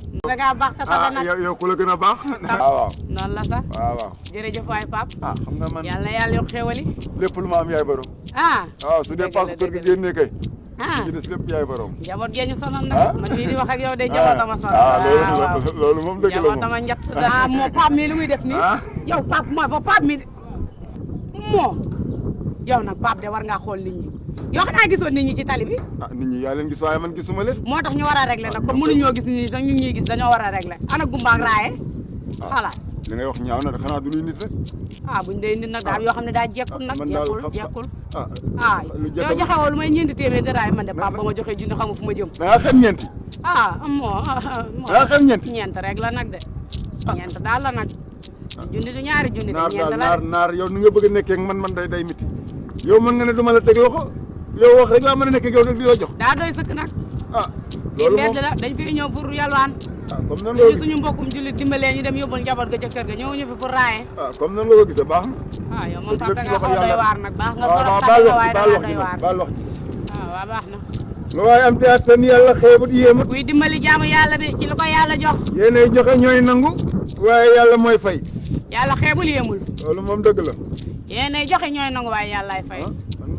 baax te sax nag yow ku a baax. ah waaw sax. waaw waaw jërëjëf waay Pape. ah xam yokk xéwali. lépp lu yaay borom. ah. su dee paas kër gi génnee kay ci des lépp yaay borom njaboot gee ñu sonal nag di wax ak yow de njabootama sonal waaw loolu moom dëgg la moom njabootama njatt daa moo paap mii lu muy def nii yow paap mooy fa paap mi moom yow nag paap de war ngaa xool nit ñi yoo xanaa gisoon nit ñi ci tali bi ah nit ñi yaa leen li ngay wax ñaaw na xanaa du ñuy nit rek. ah buñ dee nit nag daal yoo xam ne ah, daal jekkul nag. jekkul jekkul ah ah yow joxe woo lu may ñeenti téeméer de raay man de papa ba ma joxee junni xamu fu ma jëm. da ngaa xam ñeenti. ah moo ah, ah, da ngaa xam ñeenti ñeent rek la nag de. ñeent daal la nag. junni du ñaari junni de ñeent la naar naar yow nu nga bëgg a nekkee man man day day miti. yow mën nga ne du ma la teg loxo yow wax rek laa mën a nekk yow rek di la jox. daa doy sëkk nag. ah loolu moom Ah, comme nan mbokkum jullit dimbalee ñu dem njaboot ga ca kër ga ñëw ñu fi pour raaye ah comme nan nga ko gisee baax na na lu waaye am te attan yàlla xeebut yéemut kuy dimbali jaamu yàlla bi ci lu ko yàlla jox yéenay joxe nangu waaye yàlla mooy fay yàlla xeebul yéemul loolu moom dëgg la yéenay joxe ñooy nangu waaye yàllaay fay ah.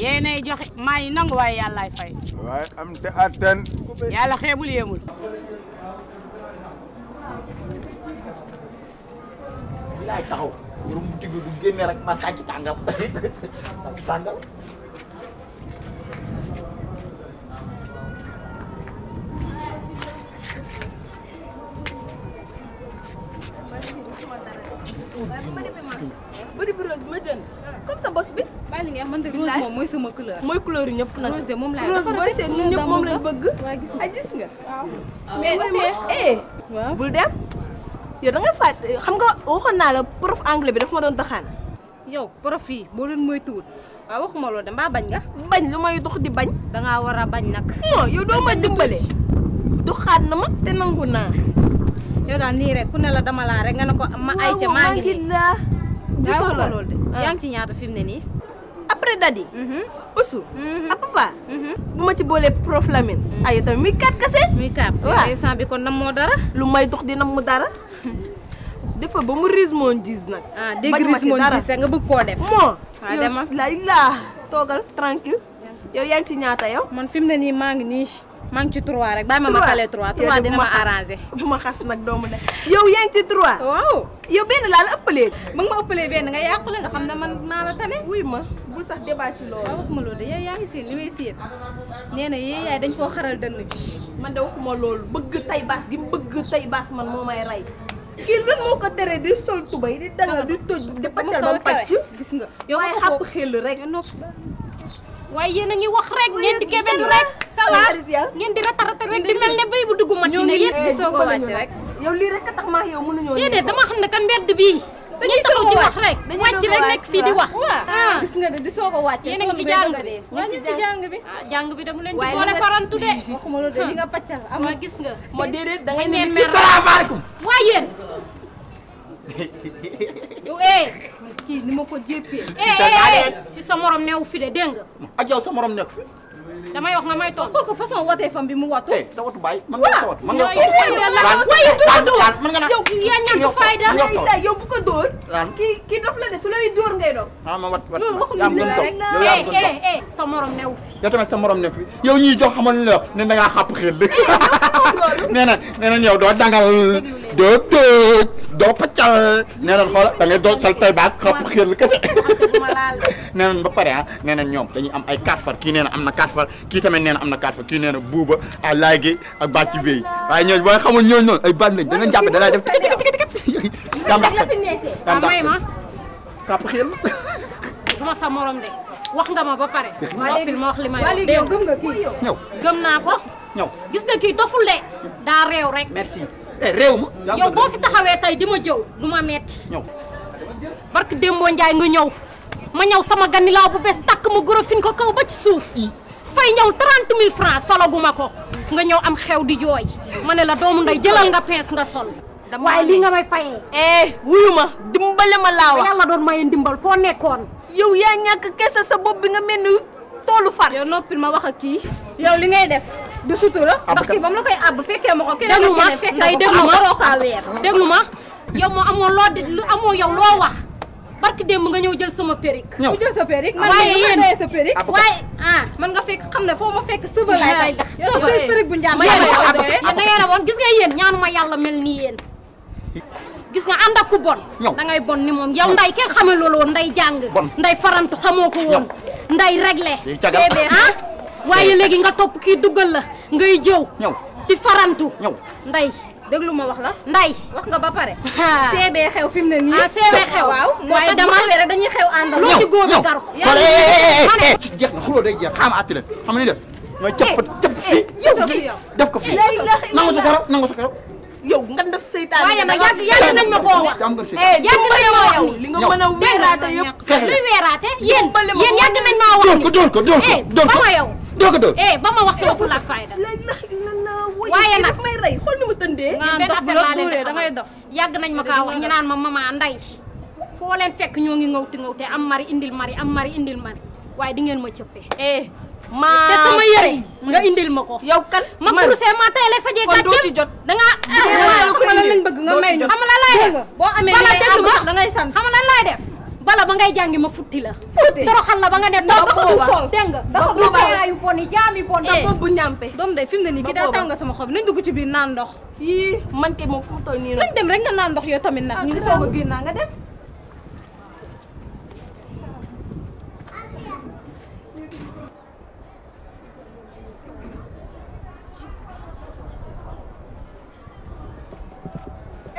yéenay joxe maa ngi nangu waaye fay. waaye am te attan. yàlla xeebul yéemul. laay taxaw warum mu du rek ma bari bi rose ma jënd comme sa boss bi bàyyi nga man de rose moom mau sama couleur mooy couleur ñëpp nag rose de moom laay rose booy seet ñun ñëpp moom lañ bëgg waaw gis nga gis mais eh, ya. eh bul dem yow da nga faat xam eh, nga waxoon oh, naa la prof anglais bi daf ma doon taxaan yow prof yi boo leen moytuwul waaw waxuma loolu de mbaa bañ nga bañ lu may dox di bañ da ngaa war a bañ mau non yow doo ma dimbale du xaat kan, na ma te nangu naa yow daal nii rek ku ne la dama laa rek nga ne ma ay ca maa ngi gisoo la loolu de ah. yaa ngi ci ñaata fi ne nii. après dadi. Mhm. usu. ak mhm. papa. Mhm. bu ma ci boolee prof Lamine. ay ah, tamit muy kaat kase. muy kaat waaw instant bi kon nam moo dara. lu may dox di nam mu dara. dafa ba mu riz moon gis nag. ah dégg riz moon gis nga bëgg koo def. moo waaw ah, dama la laa toogal yow yaa ngi ci ñaata yow. man fi ne nii maa ngi nii. maa ngi ci 3 rek bàyyi ma ma xale 3 3 dina ma arrangé. bu ma xas nag doomu de yow yaa ngi ci 3. waaw yow benn laa la ëppalee. ba nga ma ëppalee benn nga nga xam ne man maa la tane. wuy ma bul sax débat ci loolu. waaw waxuma loolu yaa ngi séen li may séen nee na yaay dañ koo xaral dënn bi. man de wax ma loolu bëgg tay baas gi mu bëgg tay baas man moo may rey. kii lan moo ko teree di sol tubay di dangal di toj di paccal ba mu gis nga yow waaye xàpp waye yéen ngi wax rek ñen di kebel rek ça va ñen ya. di rata rek di melne bay bu ma ci ne yéen eh, soog a wàcc rek yow li rek tax ma yow ñoo dédé dama xam ne kan mbedd bii dañuy soog a wax rek wàcc rek nek fi di wax ah. Ah, gis nga de di soko wacc wàcc yéen a ci jàng bi waa ah, ñu ci jang bi jang bi dama leen ci boole farantu dé waxuma lo dé li nga paccal am nga gis nga mo dédé da ngay ne ci salam alaykum waye yow eh kii ni ma ko ci sa morom newu fi de dégg nga. ak yow sa morom nekk fi. wax nga may toog ko ko façon woté fam bi mu watu. sa watu bay man nga sa watu mën nga sa watu. waaye mën nga yow yaa ñàkk fayda yow bu ko door ki ki dof la de su lay door ngay dox ah ma wat wat yaa ngi doon dof yow yaa ngi doon dof sa morom newu fi. yow tamit sa morom nek fi yow ñi jox xamal ne da nga xap xel nee na nee yow dangal doo tëj doo paccal nee nañ xoola da ngay doon sal tay baas xapp xel kese nee nañ ba pare ah nee nañ ñoom dañuy am ay quatre far kii nee na am na quatre far kii tamit nee na am na quatre far kii nee na buuba a ah, laay gi ak bàcc béy waaye ñooñu boo xamul ñooñu noonu ay bànn lañ danañ jàpp dalay def tiki daam dax daam dax xapp xel duma sa morom de wax nga ma ba pare noppil ma wax li may wax gëm nga kii ñëw gëm naa ko ñëw gis nga kii doful de daa réew rek merci Eh, réew ma. yow boo fi taxawee tey di ma jëw du ma metti. ñëw barke Demba Ndiaye nga ñëw ma ñëw sama ganilaaw bu bees takk ma goro fin ko kaw ba ci suuf. fay ñëw trente mille francs sologuma ko nga ñëw am xew di jooy ma ne la doomu nday jëlal nga pince nga sol. waaye lii nga may fayee. eh wuyu ma dimbale ma laa wax. yàlla doon maye ndimbal foo nekkoon. yow yaa ñàkk kese sa bopp bi nga mel ni toolu far. yow noppil ma wax ak kii yow li ngay def. du sutura ndax ba mu la koy àbb fekkee ma ko keneen ma fekkee ma ko waroo kaa weer déglu ma yow moo amoo loo di lu amoo loo wax barki démb nga ñëw jël sama périk ñëw jël sa périk ah. man nga fekk xam ne foo ma fekk suba laay tax suba périk bu njàmb yéen a woon gis nga yéen ñaanuma yàlla mel ni yéen gis nga ànd ak ku bon da ngay bon ni moom yow nday kenn xamee loolu woon nday jàng nday farantu xamoo ko woon nday réglé bébé ah waye legi nga top ki duggal la ngay jew ñew di farantu ñew nday déglu ma wax la nday wax nga ba pare cbe xew fim ne ni ah cbe xew waaw waaye dama rek dañuy xew andal lo ci goor bi garu ko le eh, eh, eh, jeex na xuloo day jeex xam atti la xam ni def ma cëpp cëpp fi def ko fi nangu sa karaw nangu sa karaw yow nga def seytaane waye ma yag yag nañ ma ko wax yag nañ ma wax li nga meuna wératé yépp lu wératé yeen yeen yag nañ ma wax dóor ko dóor ko dóor ko dóor ko doo ko dóor. Eh, ba ma wax sama eh, fula da waaye nag may rey xool ni mu tëndee. nga da ngay nañ ma kaa wax ñu naan ma ma nday foo leen fekk ñoo ngi ngawti ngawte am mari indil mari am mari indil mari waaye dingeen ma cëppee. eh maa te sama yëre nga indil ma ko. yow ma kurusee ma tey lay fajee gàcceel kon doo ci jot. da ngaa ah waaw xam nga lan lañ bëgg nga may def boo amee li def. bala ba ngay jàngi ma futti la. futti toroxal la ba nga ne ndox bu foofu dégg nga. ndox bu foofu yu bon yi jaam yu bon yi. sa bopp bu ñàmpe. doom day fi mu ne nii kii daa tàng sama xob nañ dugg ci biir naan ndox. yii man kay moom fu mu toll nii rek. nañ dem rek nga naan ndox yow tamit nag. ñu ngi soog a génn naa nga dem.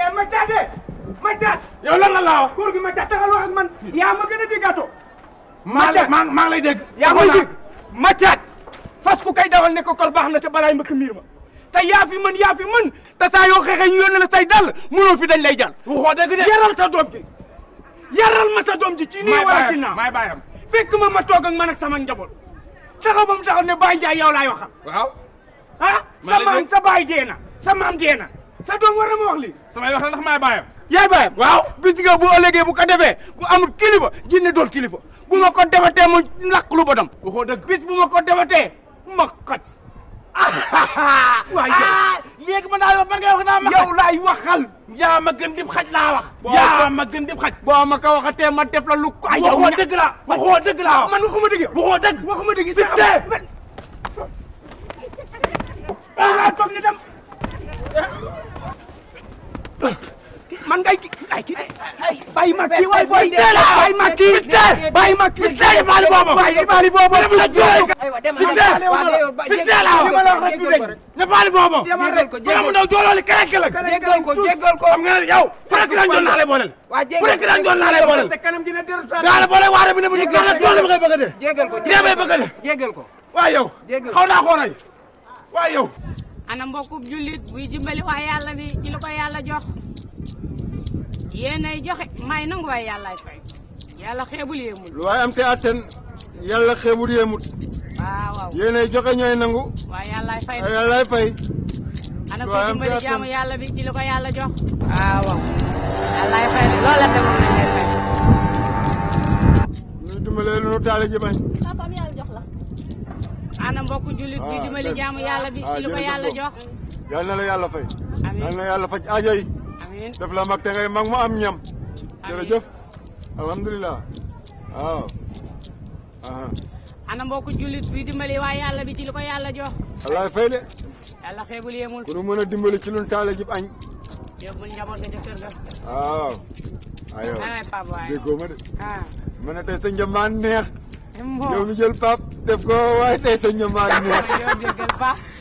eh ma caade. Matia. yow lan la laa gi Matia taxal wax ak man. yaa ma gën a déggaatoo. Matia maa ngi lay dégg. yaa ma dégg Matia. fas ku kay dawal ne ko baax na sa balaay mbëkk miir ma. te yaa fi mën yaa fi mën te xeexee ñu yónnee say dàll mënoo fi dañ lay jàll. waxoo dëgg de yaral sa doom ji. yaral ma sa doom ji. ci nii a ci naa maay baayam fekk ma ma toog ak man ak sama njaboot. taxaw ba mu taxaw ne Baye Ndiaye yow laay waxal. waaw. ah sa maam sa baay dee sa maam dee sa doom war na ma yaay baayam waaw bis nga bu ëllëgee bu ko defee bu amul kilifa jinne doon kilifa bu ma ko defatee mu lakk lu bodam waxoo dëgg bis bu ma ko defatee ma xaj waaye ah, léegi ma naa man ngay wax naa yaa ma dib xaj laa wax yaa ma dib xaj boo ma ko ma def la lu ko ay yow waxoo dëgg la waxoo si tee man ngay kii ay kii bàyyi ma kii waay booy bàyyi ma kii bàyyi ma kii bàyyi ma kii bàyyi ma kii boobu bàyyi ma kii boobu. ñeppali boobu. mu ndaw joolooli kerek la. jéggal ko jéggal ko xam nga yow. ku nekk daan doon naa lay booleel. waa jéggal ko ku nekk daan doon naa lay booleel. daa la boole waare bi ne bu ñu gën a doole ba ngay bëgg a dee. jéggal ko jéggal ko waaye yow. xaw naa xooray waaye yow. ana mbokku jullit buy dimbali waa yàlla bi ci li ko yàlla jox yéenay joxe may nangu waaye yàllaay fay yàlla xeebul yéemut. lu waay am te atten yàlla xeebul yéemut. waaw waaw yéenay joxe fay ana ko dimbali jaamu yàlla bi ci li yàlla jox. waaw waaw yàllaay fay de loola te moom lañ lay fay. ñu dimbalee nu taale ji bañ. papaam yàlla jox la. ana mbokku jullit bi ah, dimbali jaamu bi ci ah, li jox. yal na la fay. amiin yal na yàlla amiin def la mag te ngay mag ma am ñam. jërëjëf alhamdulilah waaw. ana mbokku jullit bi dimbali waa yàlla bi ci li ko yàlla jox. wallaay ya, fay de. yàlla ya xeebul yemul. Ya, ku nu mën a dimbali ci luñ taale jib añ. yóbbul njaboot ga ca kër ga. waaw. aywa déggoo ma de. ma ne tey sa njambaan neex. yow mi jël pap def ko waaye tey sa njambaan neex.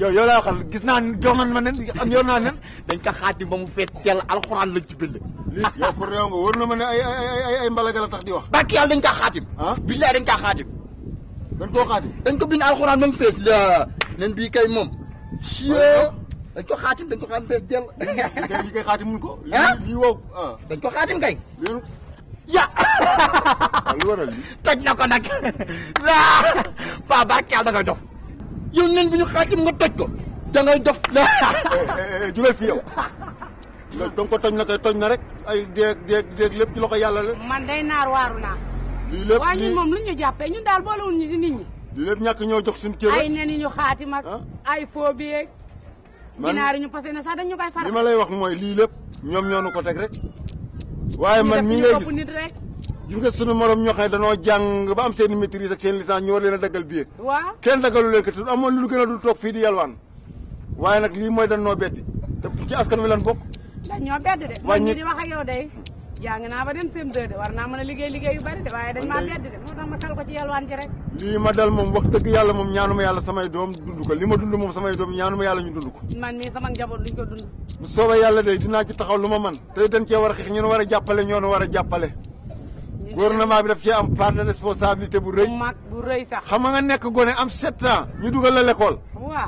yow yow laa waxal gis naa jox nañ ma nen am yor naa nen dañ ko xaatim ba mu fees teel alxuraan lañ ci bind. lii yow ko réew nga wóor na ma ne ay ay ay ay mbalagal a tax di wax. bàkk yàlla dañ kaa xaatim. ah billaay dañ kaa xaatim. dañ koo xaatim. dañ ko bind alxuraan ba mu fees. la nen bii kay moom. waaw dañ ko xaatim dañ ko xaatim fees teel. kay lii kay ko. ah lii ah. dañ ko xaatim kay. ya lu waral lii. toj na ko nag. paa bàkk da nga yow nen bi ñu xaatim nga toj ko da ngay dof eh, eh, jugal fii yow da nga ko toj na koy toj na rek ay déeg déeg déeg lépp ci loxo yàlla la man day naar waaru naa lii lépp waa ñun moom lu ñu jàppee ñun daal boolewul ñu si nit ñi lii lépp ñàkk ñoo jox suñu kër ay nen yi ñu xaatim ak ah? ay foo bi yeeg ginaar yi ñu sax dañu koy faral li ma lay wax mooy lii lépp ñoom ñoo nu ko teg rek waaye man mi ngay gis gis nga sunu morom ñoo xam ne danoo jàng ba am seen maîtrise ak seen licence ñu war dagal a daggal billet waaw kenn daggalu leen ko te amoon lu gën a dul di yalwaan dan noo beddi te ci askan wi lan bokk dañ ñoo de man ñi di wax ak yow day jàng naa ba dem sem deux de war naa mën a liggéey liggéey yu bari de waaye dañ ma bedd de moo tax ma tal ko ci yalwaan ji rek ma dal mom wax dëgg yàlla mom ñaanuma yàlla samay doom dund ko li ma dund moom samay doom ñaanuma yàlla ñu ko man mi sama njaboot duñ ko dund bu soobee yàlla de dina ci taxaw lu ma man tey dañ cee war a xeex ñun war a gouvernement bi daf ci am fan de responsabilité bu reuy mag bu sax. xam nga nek goné am 7 ans ñu duggal la l'école. wa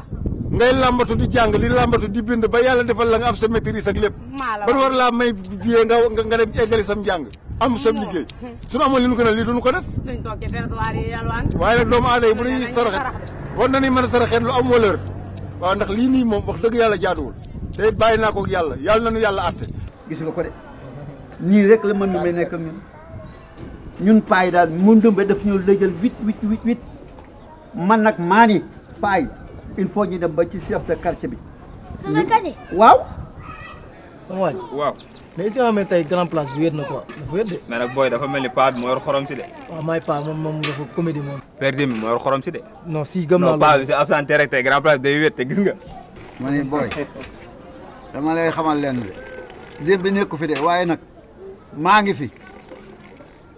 ngay lambatu di jang di lambatu di bind ba yalla defal la nga am sa maîtrise ak lepp ban war la may bié nga nga dem égalé sam jang am sa liggéey. suñu amul li ñu gën a lii duñu ko def. duñ toké ci territoire yi yalwaan. waaye nag doomu aada bu ñuy saraxé won na ni mëna saraxeet lu am valeur. waaw ndax li ni mom wax deug yalla jaadul te bayina ko ak yalla yalla nañu yalla atté gis nga ko dé ni rek la mënu may ak ñun ñun paay daal mu ndumbe daf ñu lëjal huit huit huit huit man nag maa ni paay il faut ñu dem ba ci chef de quartier bi. sama quartier waaw. sama waa ji waaw. mais si ma tey grand place bi wéet na ko dafa wéet de. mais nag booy dafa mel ni paa bi xorom si de. waaw maay paa moom moom dafa comédie moom. père Deme moo yor xorom si de. non si gëm naa bi si absenté rek tey grand place day wéet te gis nga. ma ne booy dama lay xamal lenn de. démb nekku fi de waaye nag maa ngi fi.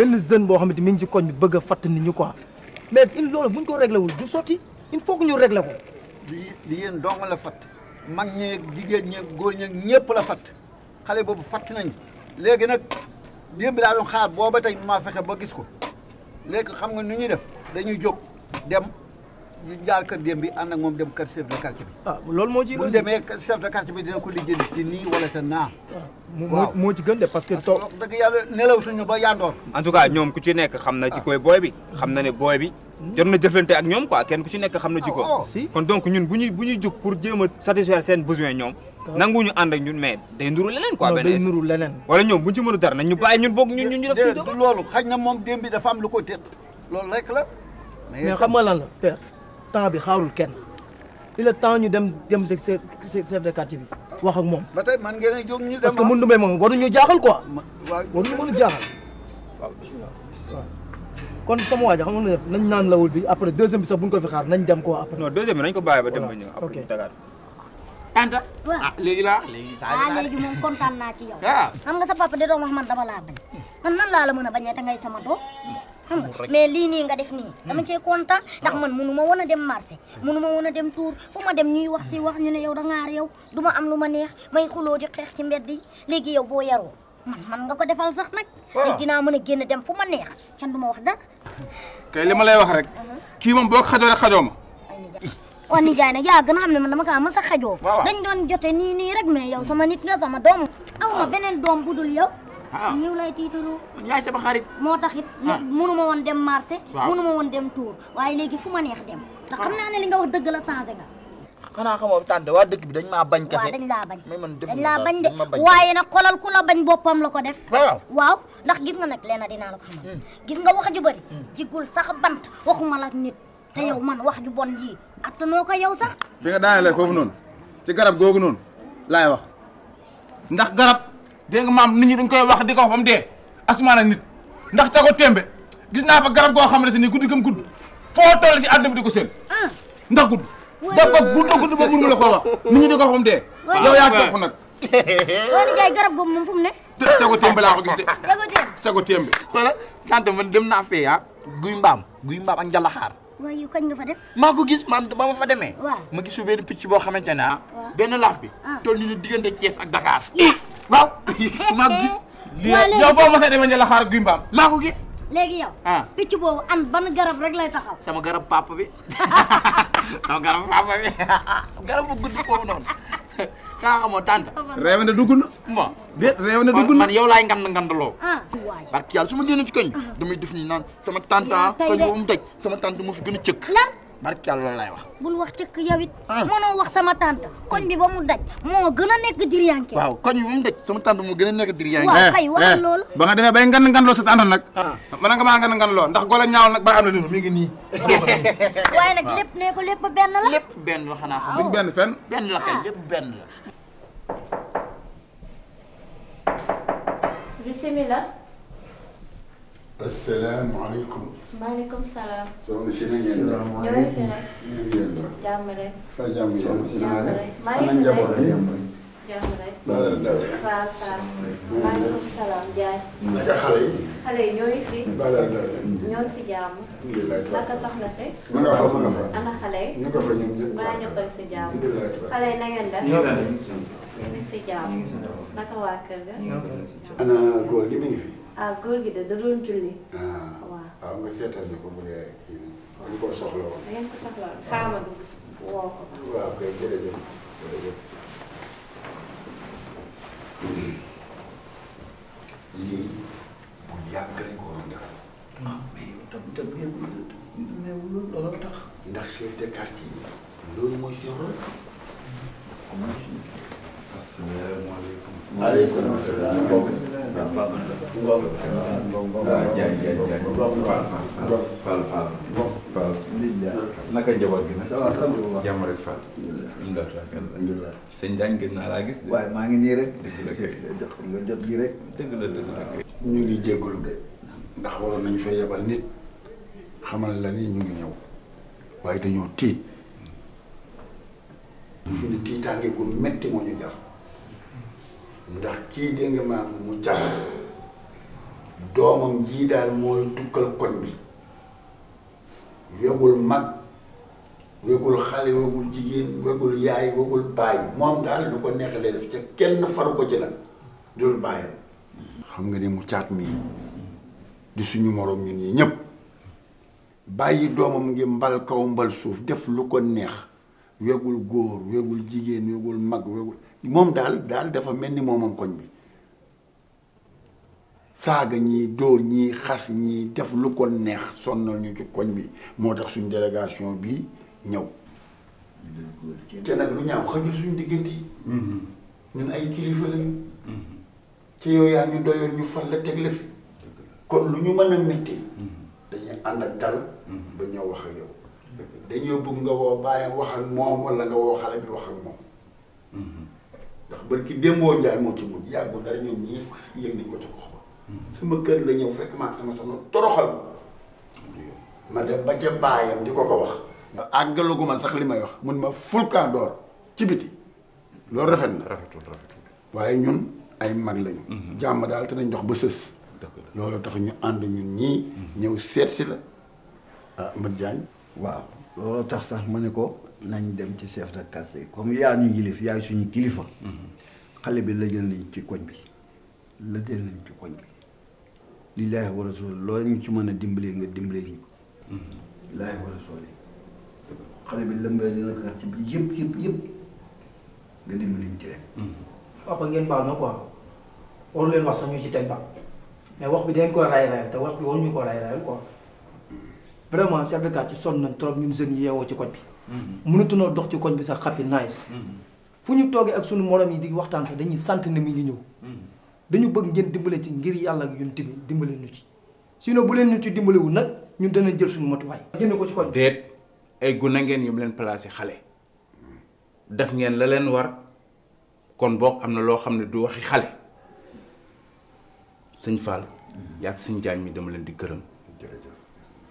benn jeune boo xamante mi ngi ci koñ bi bëgg a fatt nit ñu quoi mais il loolu buñ ko réglé wul du sotti il faut que ñu réglé ko. li li yéen dong la fatt mag ñeeg jigéen ñeeg góor ñeeg ñëpp la fatt xale boobu fatt nañ léegi nag démb bi daa doon xaar booba tey maa fexe ba gis ko léegi xam nga nu ñuy def dañuy jóg dem. ñu jaar kër démb bi ànd ak ah, moo ci bu ah, moo ci gën parce que. toog wax dëgg yàlla nelawtuñu ba yaandoor. en ñoom ku ci nekk xam na ci ah. koy booy bi. xam na ne booy bi. Hmm? jot na jëflante ak ñoom ku ci nekk xam na ci ko. Oh. kon donc ñun bu ñuy bu ñuy jóg pour jéem a satisfaire seen besoin ñoom. nanguñu ànd ak ñun mais day nuru leneen quoi. benn day nuru leneen. wala ñoom bu ñu ci mënu dara ñu bàyyi ñun boog ñun ñu def. suñu loolu xëy na moom démb bi lu ko loolu rek xam nga lan la père temps bi xaarul kenn il est temps ñu dem dem chef de quartier bi wax ak moom. ba tey man ngeen parce que ah. Moundou Mbaye moom waruñu jaaxal quoi. ko waruñu mën a jaaxal. kon sama waa ji xam nga nañ naan lawul bi après deuxième bi sax bu ñu ko fi xaar nañ dem quoi après. non bi nañ ko bàyyi ba dem ba ñëw. après ñu ah, ah, laa léegi saa yi laa naa ci yow. waaw xam nga sa papa de doon man dama laa bañ. man nan laa la a bañee te ngay sama doom. xam nga mais lii nii nga def nii hmm. dama cee kontaan ndax ah. man munu ma woon a dem marché hmm. munu ma woon a dem tour fu ma dem ñuy wax si hmm. wax ñu ne yow da ngaar yow du ma am lu ma neex may xuloo di xeex ci mbedd yi léegi yow boo yaroo man man nga ko defal sax nag oh. léegi dinaa mën a génn dem fo ma neex kenn du ma wax dara kay li ma lay wax rek uh-huh. kii moom boo xajoo rek xajoo ma waaw oh, nijaay nag yaa gën a xam ne ma dama kaa mës a xajoo dañ doon jote nii nii rek mais yow sama nit nga sama doom aw ma ah. beneen doom budul yow waaw ñëw lay tiitaru yaay sama xarit moo tax it ah. mënu ma woon dem marché mënu ma woon dem tour waaye léegi fu ma neex dem te xam ah. naa ne li nga wax dëgg la changé nga xanaa xamoo tànn waa bi dañ maa bañ kese waaw dañ laa bañ man dañ laa bañ de waaye nag xolal ku la bañ boppam la ko def waaw waaw ndax gis nga nag leena dinaa la ko xamal hmm. gis nga wax ju bëri hmm. jigul sax bant waxuma la nit te yow ah. man wax ju bon ji attanoo ko yow sax fi nga daanele foofu noonu ci garab googu noonu laay wax ndax garab deng nga maam nit ñi dañ koy wax di xam de asmana nit ndax cago tembe gis na fa garab go xamne ni si nii guddi gëm gudd foo toll ci adam di ko seen ah. ndax gudd ba ko gudd gudd ba mënu la ko wax nit ñi diko xam de yow ya topp nak woni gay garab go mum fu ne ca cago tembe la ko gis de cago tembe cago tembe wala tante man dem na fe ya ah. guy mbam guy mbam ak njalaxaar waaw yow kañ nga fa maa ko gis man ba ma fa demee. ma gisu benn picc boo xamante ne ah. benn laaf bi. Ah. toll ni diggante Thiès ak Dakar. waaw maa ko gis. waaw léegi yow foo mos a demee Ndialakhare Guimbaam maa ko gis. léegi yow. Ah. picc boobu an ban garab rek lay taxaw. sama garab papa bi sama garab papa bi garab bu gudd boobu noonu xanaa xamoo tante. réew na dugg na. bon déet réew na dugg na man yow laay ngand ngandaloo. Ah, waay barki yàlla su ma génn ci koñ. Ah. damay def nii naan sama tante ah. tey koñ boobu sama tante moo fi gën a barki yàlla lay wax. bul wax cëkk yow ah. wax sama tante. koñ bi ba mu daj moo gën a nekk diriyanke. waaw koñ bi ba mu daj sama tante moo gën a nekk diriyanke. waaw kay waxal eh, eh. loolu. ba nga demee bay ngan ngan loo sa tante nag. Ah. mën nga maa ngan ngan loo ndax golo ñaaw nag ba am na nii mi ngi nii. waaye nag lépp nee ko la. la xam. la kay la. asalaamaaleykum. maaleykum salaam. soxna si na ngeen def. salaamaaleykum ñu ngi leen def. jàmm rek. fa jàmm yéen. jàmm rek maa ngi fi rek njaboot yi. jàmm rek. dara salaam Ndiaye. naka xale yi. xale yi ñoo ngi fi. dara si jàmm. naka soxna si. ma nga fa ma nga ana xale yi. ñu nga si jàmm. xale na ngeen def. ñu si jàmm. naka waa ana góor gi a ah, góor gi de da doon julli. Ah, waaw waaw nga seetal ni ko bu dee kii bi. dañ koo soxla woon. da ngeen ko soxla woon xaaral ma dugg woo ko. tax. ndax chef de quartier yi. loolu mooy seen rôle. Ah, aleykum salaam Ngom Ngom waaw jaay jaay jaay Ngom gën naa laa gis de. waaye maa ngi nii rek. ñu ngi jéggalu de ndax waroon nañu fay yebal nit xamal la ni ñu ngi ñëw waaye dañoo tiit. fi ne tiitaange gu metti moo ñu jar. ndax kii dégg mu cam doomam jii daal bi wegul mag wegul xale wegul jigéen wegul ko neex lay ca kenn faru ko ci nag dul xam nga ne mu caat mii di suñu moroom ñun ñi ñépp bàyyi doomam ngi mbal kaw mbal suuf def lu ko neex wegul góor wegul jigéen wegul mag wegul moom daal daal dafa mel ni moom moom koñ bi saaga ñii dóor ñii xas ñi def lu ko neex sonnal ñu ci koñ bi moo tax suñu délégation bi ñëw te nag lu ñaaw xajul suñu diggante yi mm-hmm. ñun ay kilifa lañu ci mm-hmm. yow yaa ñu doyoon ñu fal la teg fi kon lu ñu mën a métti mm-hmm. dañuy ànd ak dal ba ñëw wax ak yow dañoo bëgg nga woo bàyyi wax ak moom wala nga woo xale bi wax ak moom ndax barki démboo njaay mo ci mujj yàggul dara ñoom ñii yëg nañ ko ca gox ba sama kër la ñëw fekk maag sama soxna toroxal ma dem ba ca baayam di ko ko wax àggalagu ma sax li may wax mun ma fulkan door ci biti lo rafet na rafetul rafetul waaye ñun ay mag lañu mhm. jàmm daal te nañ dox ba sës loolu tax ñu ànd ñun ñii mhm. ñëw seet si la ah Mat Diagne waaw loolu tax sax ma ne ko nañ dem ci chef de quartier comme yaa ñu yilif yaay suñu kilifa. xale bi la lëjël nañ ci koñ bi lëjël nañ ci koñ bi lillaahi wa rasul loolu ñu ci mën a dimbalee nga dimbalee ñu ko lillaahi wa rasul xale bi lëmbee dina quartier bi yëpp yëpp yëpp nga dimbali ñu ci rek papa ngeen na quoi waru leen wax sax ñu ci teg ba mais wax bi dañ ko ray rayal te wax bi waruñu ko ray rayal quoi vraiment chef de quartier sonn nañ trop ñun seen yi yeewoo ci koñ bi Mm-hmm. mënatunoo dox ci koñ bi sax xapi nice mm-hmm. fu ñu toogee ak sunu morom yi di waxtaan sax dañuy sant ne mi ngi ñëw mm-hmm. dañu bëgg ngeen dimbale ci ngir yàlla ak yonent bi dimbale ñu ci bu leen ñu ci dimbalewu nag ñu dana jël suñu matuwaay. génne ko ci koñ déet ay gune ngeen yim leen placé xale def ngeen la leen war kon boog am na loo xam ne du waxi xale sëñ Fall. yaa suñu sëñ Jaañ mi dama leen di gërëm.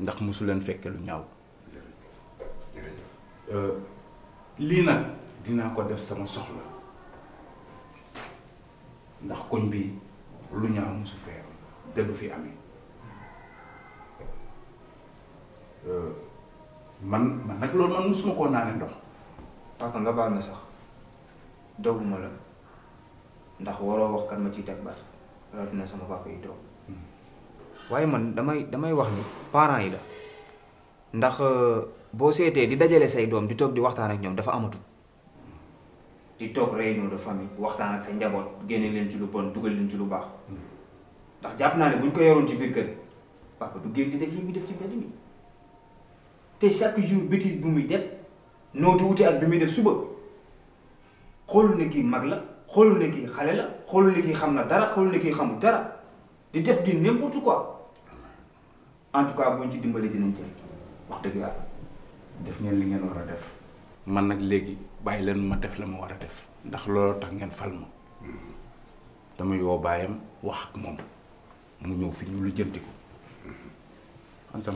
ndax mosu leen fekke lu ñaaw. Euh, Lina, dina ko def sama soxla ndax koñ bi lu ñaaw musu fer te du fi amee euh, man man nak lool man musuma ko naané ndox que nga ba na sax doguma la ndax waro wax kan ma tek ba rat na sama papa yi do hmm. waye man damay damay wax ni parents yi da ndax euh, boo seetee di dajale say doom di toog di waxtaan ak ñoom dafa amatul di toog réunion de famille waxtaan ak sa njaboot génne leen ci lu bon dugal leen ci lu baax ndax jàpp naa ne bu ñu ko yoroon ci biir kër papa du génn di def li muy def ci mbedd mi te chaque jour bêtise bu muy def noo di wute ak bi muy def suba xoolul ne kii mag la xoolul ne kii xale la xoolul ne kii xam na dara xoolul ne kii xamul dara di def di n'importe ko en tout cas buñ ci dimbali dinañ ci wax dëgg yàlla. def ngeen li ngeen war a def man nag léegi bàyyi leen ma def la ma war a def ndax looloo tax ngeen fal ma hmm. dama yoo bàyyam wax ak moom mu ñëw fi ñu lu jënti ko hmm. hmm. an sam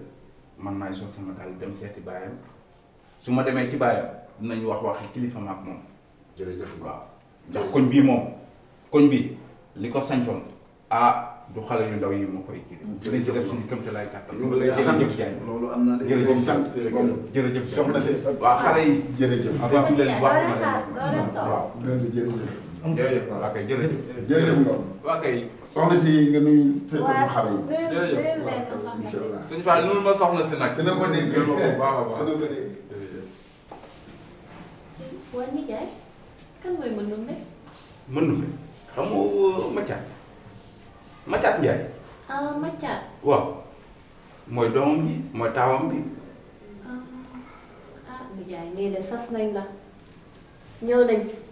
man naa sol sama daal dem seeti baayam su ma demee ci baayam dinañ wax waxi kilifa ma ak moom. jërëjëf ndax koñ bii moom koñ bii li ko sancoon ah. du xale yu ndaw yi ma koy kii. jërëjëf def suñu këmte laay kàttan. jërëjëf Diagne loolu am na jërëjëf sant jërëjëf soxna si waaw xale yi jërëjëf. waaw waaw waaw jërëjëf waaw kay jërëjëf. jërëjëf Ngom waaw kay. soxna si nga nuyu. sama xale yi jërëjëf waaw sëñ Fall noonu ma soxna si nag. dina ko dégg dina ko dégg waaw kan mooy Mëndumbe. Mëndumbe xam nga euh, Mathiat Mathiat Ndiaye. ah Mathiat. waaw mooy doomam bi mooy taawam bi. Ah, ah, ah Ndiaye nee na sas nañ la ñëw nañ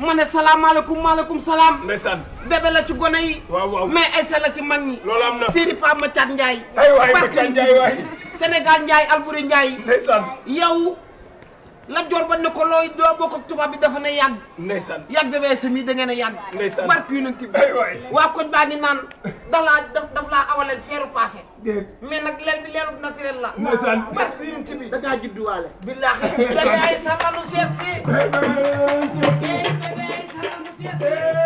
ma ne salaamaaleykum maaleykum salaam. ndeysaan bébé la ci gone yi. waaw waaw mais Aïssa la ci mag ñi. loolu am na Siri Pa Mathiane Ndiaye. aywaay Mathiane Ndiaye waay Sénégal Ndiaye la joor ba ne ko looy doo bokk ak bi dafa ne yàgg. ndeysaan yàgg bébé Aïssa mii da ngeen a yàgg. ndeysaan barke yonent bi. aywaay waa koñ baa ngi naan daf laa daf laa awaleel feeru paase. mais nag leel bi leelu naturel la. ndeysaan barke yonent bi. da ngaa judduwaale. billaahi bébé Aïssa lanu seet si. Yeah.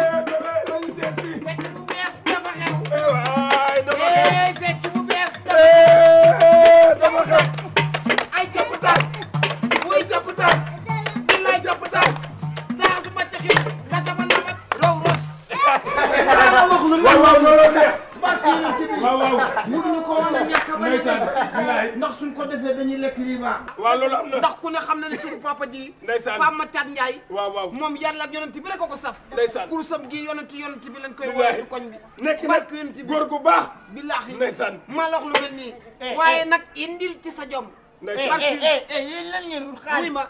waaw moom yàlla ak yonent bi rek ko ko saf ndeysaan kursam gi yonent yonent bi lañ koy wooye koñ bi nekk barke yonent bi góor gu baax billaahi ndeysaan maa la wax lu mel nii eh, eh. waaye nag indil ci sa jom barke yéen eh, lan ngeen wut xaalis ma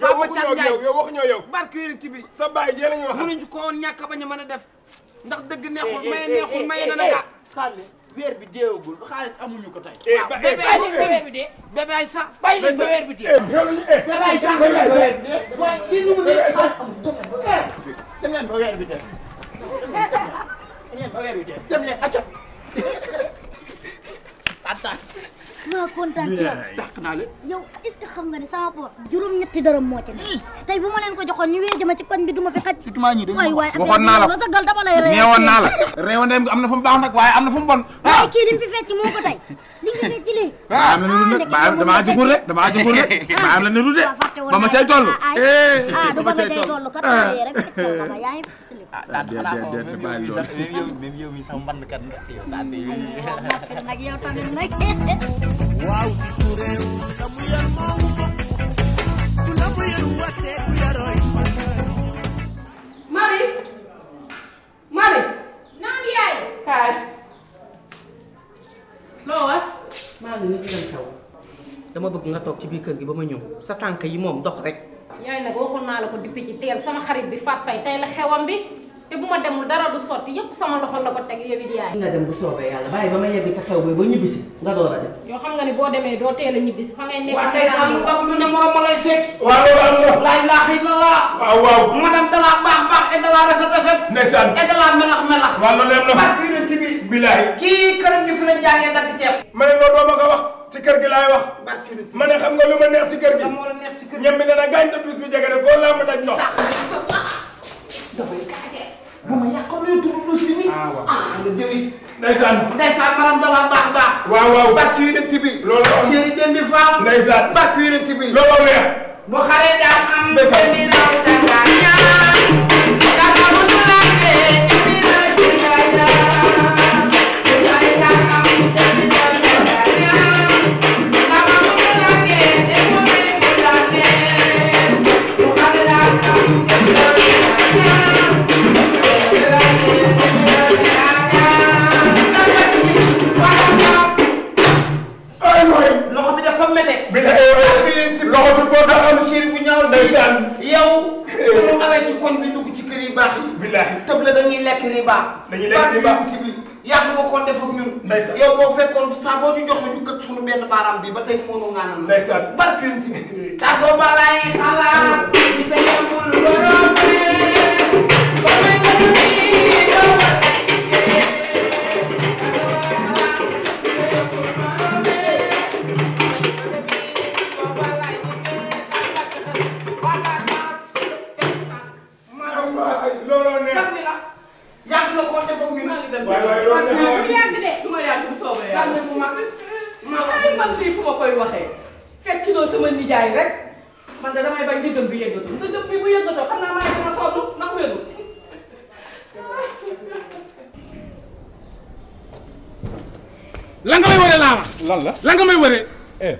Baba Thiam Ndiaye yow wax ñoo yow barke yonent bi sa baay jee lañu ko woon ñàkk bañ a mën a def ndax dëgg neexul maye neexul maye na naka weer bi deewagul xaalis amuñu ko tey. waaw maa kontaan ci yow dàq naa leen yow xam nga ne sama poos juróom-ñetti dërëm moo ci ne tey bu ma ko joxoon ñu wéeje ma ci koñ bi du ma fi xaj surtout maa ñi waxoon naa la sa gal dama lay rey neewoon naa la am na fu mu baax nag waaye am na fu bon waaye ah! kii li mu fi fecc moo ko tey li mu fi fecc lii ah! am na nag baayam ah, damaa jugul de damaa jugul de baayam la niru de ba ma cay toll ah du ba nga cay toll kat rek yaa ngi ah daan xanaa xaw yaay. kaay. loo wax. maa ngi nii di leen dama bëgg nga toog ci biir kër gi ba ma ñëw sa tànk yi moom dox rek. yaay nag waxoon naa la ko dippi ci teel sama xarit bi Fatou Faye tey la xewam bi te bu ma demul dara du sotti yëpp sama loxo la ko teg yow it yaay. nga dem bu soobee yàlla bàyyi ba ma yegg ca xew bi ba ñibbisi nga door a dem. yoo xam nga ni boo demee doo teel a ñibbisi fa ngay nekk. ne morom ma lay fekk. waaw loolu am na. a laa xëy na laa. waaw waaw. ma dem dala baax baax et dala rafet rafet. ndeysaan et dala melax melax. waaw loolu yëpp la fa barke yonent bi. bilaay kii këram gi fi la jàngee dagg ceeb. ma ne loolu doo ma ko wax. ci kër gi laay wax ma ne xam nga lu ma neex ci kër gi ñam bi ne na gaañ te ma moom ma yàqoon na yow turu lu si nii. ah waaw ah nga jëli. ndeysaan. ndeysaan maanaam dala baax baax. waaw waaw bàkk yu nekk bi. loolu am chéri Demba Fall. ndeysaan bàkk yu nekk bi. loolu am bu xale daan am. ndeysaan jóg la dañuy lekk riba. dañuy lekk riba baat bi yàgg nga koo def ak ñun. ndeysaan yow boo fekkoon saa boo ñu joxee ñu kët suñu benn baaraam bi ba tey mënu ngaanal. ndeysaan barke bi. tàggoo balaa yi xalaat. gisee yemul borom man fii fu ma koy waxee fekk loo sama nijaay rek man da damay bañ ndëgëm bi yëngatu ndëgëm bi mu yëngatoo xam naa maa ngi dama sonn ndax wéru lan nga may waree laa wax. lan la lan nga may waree. eh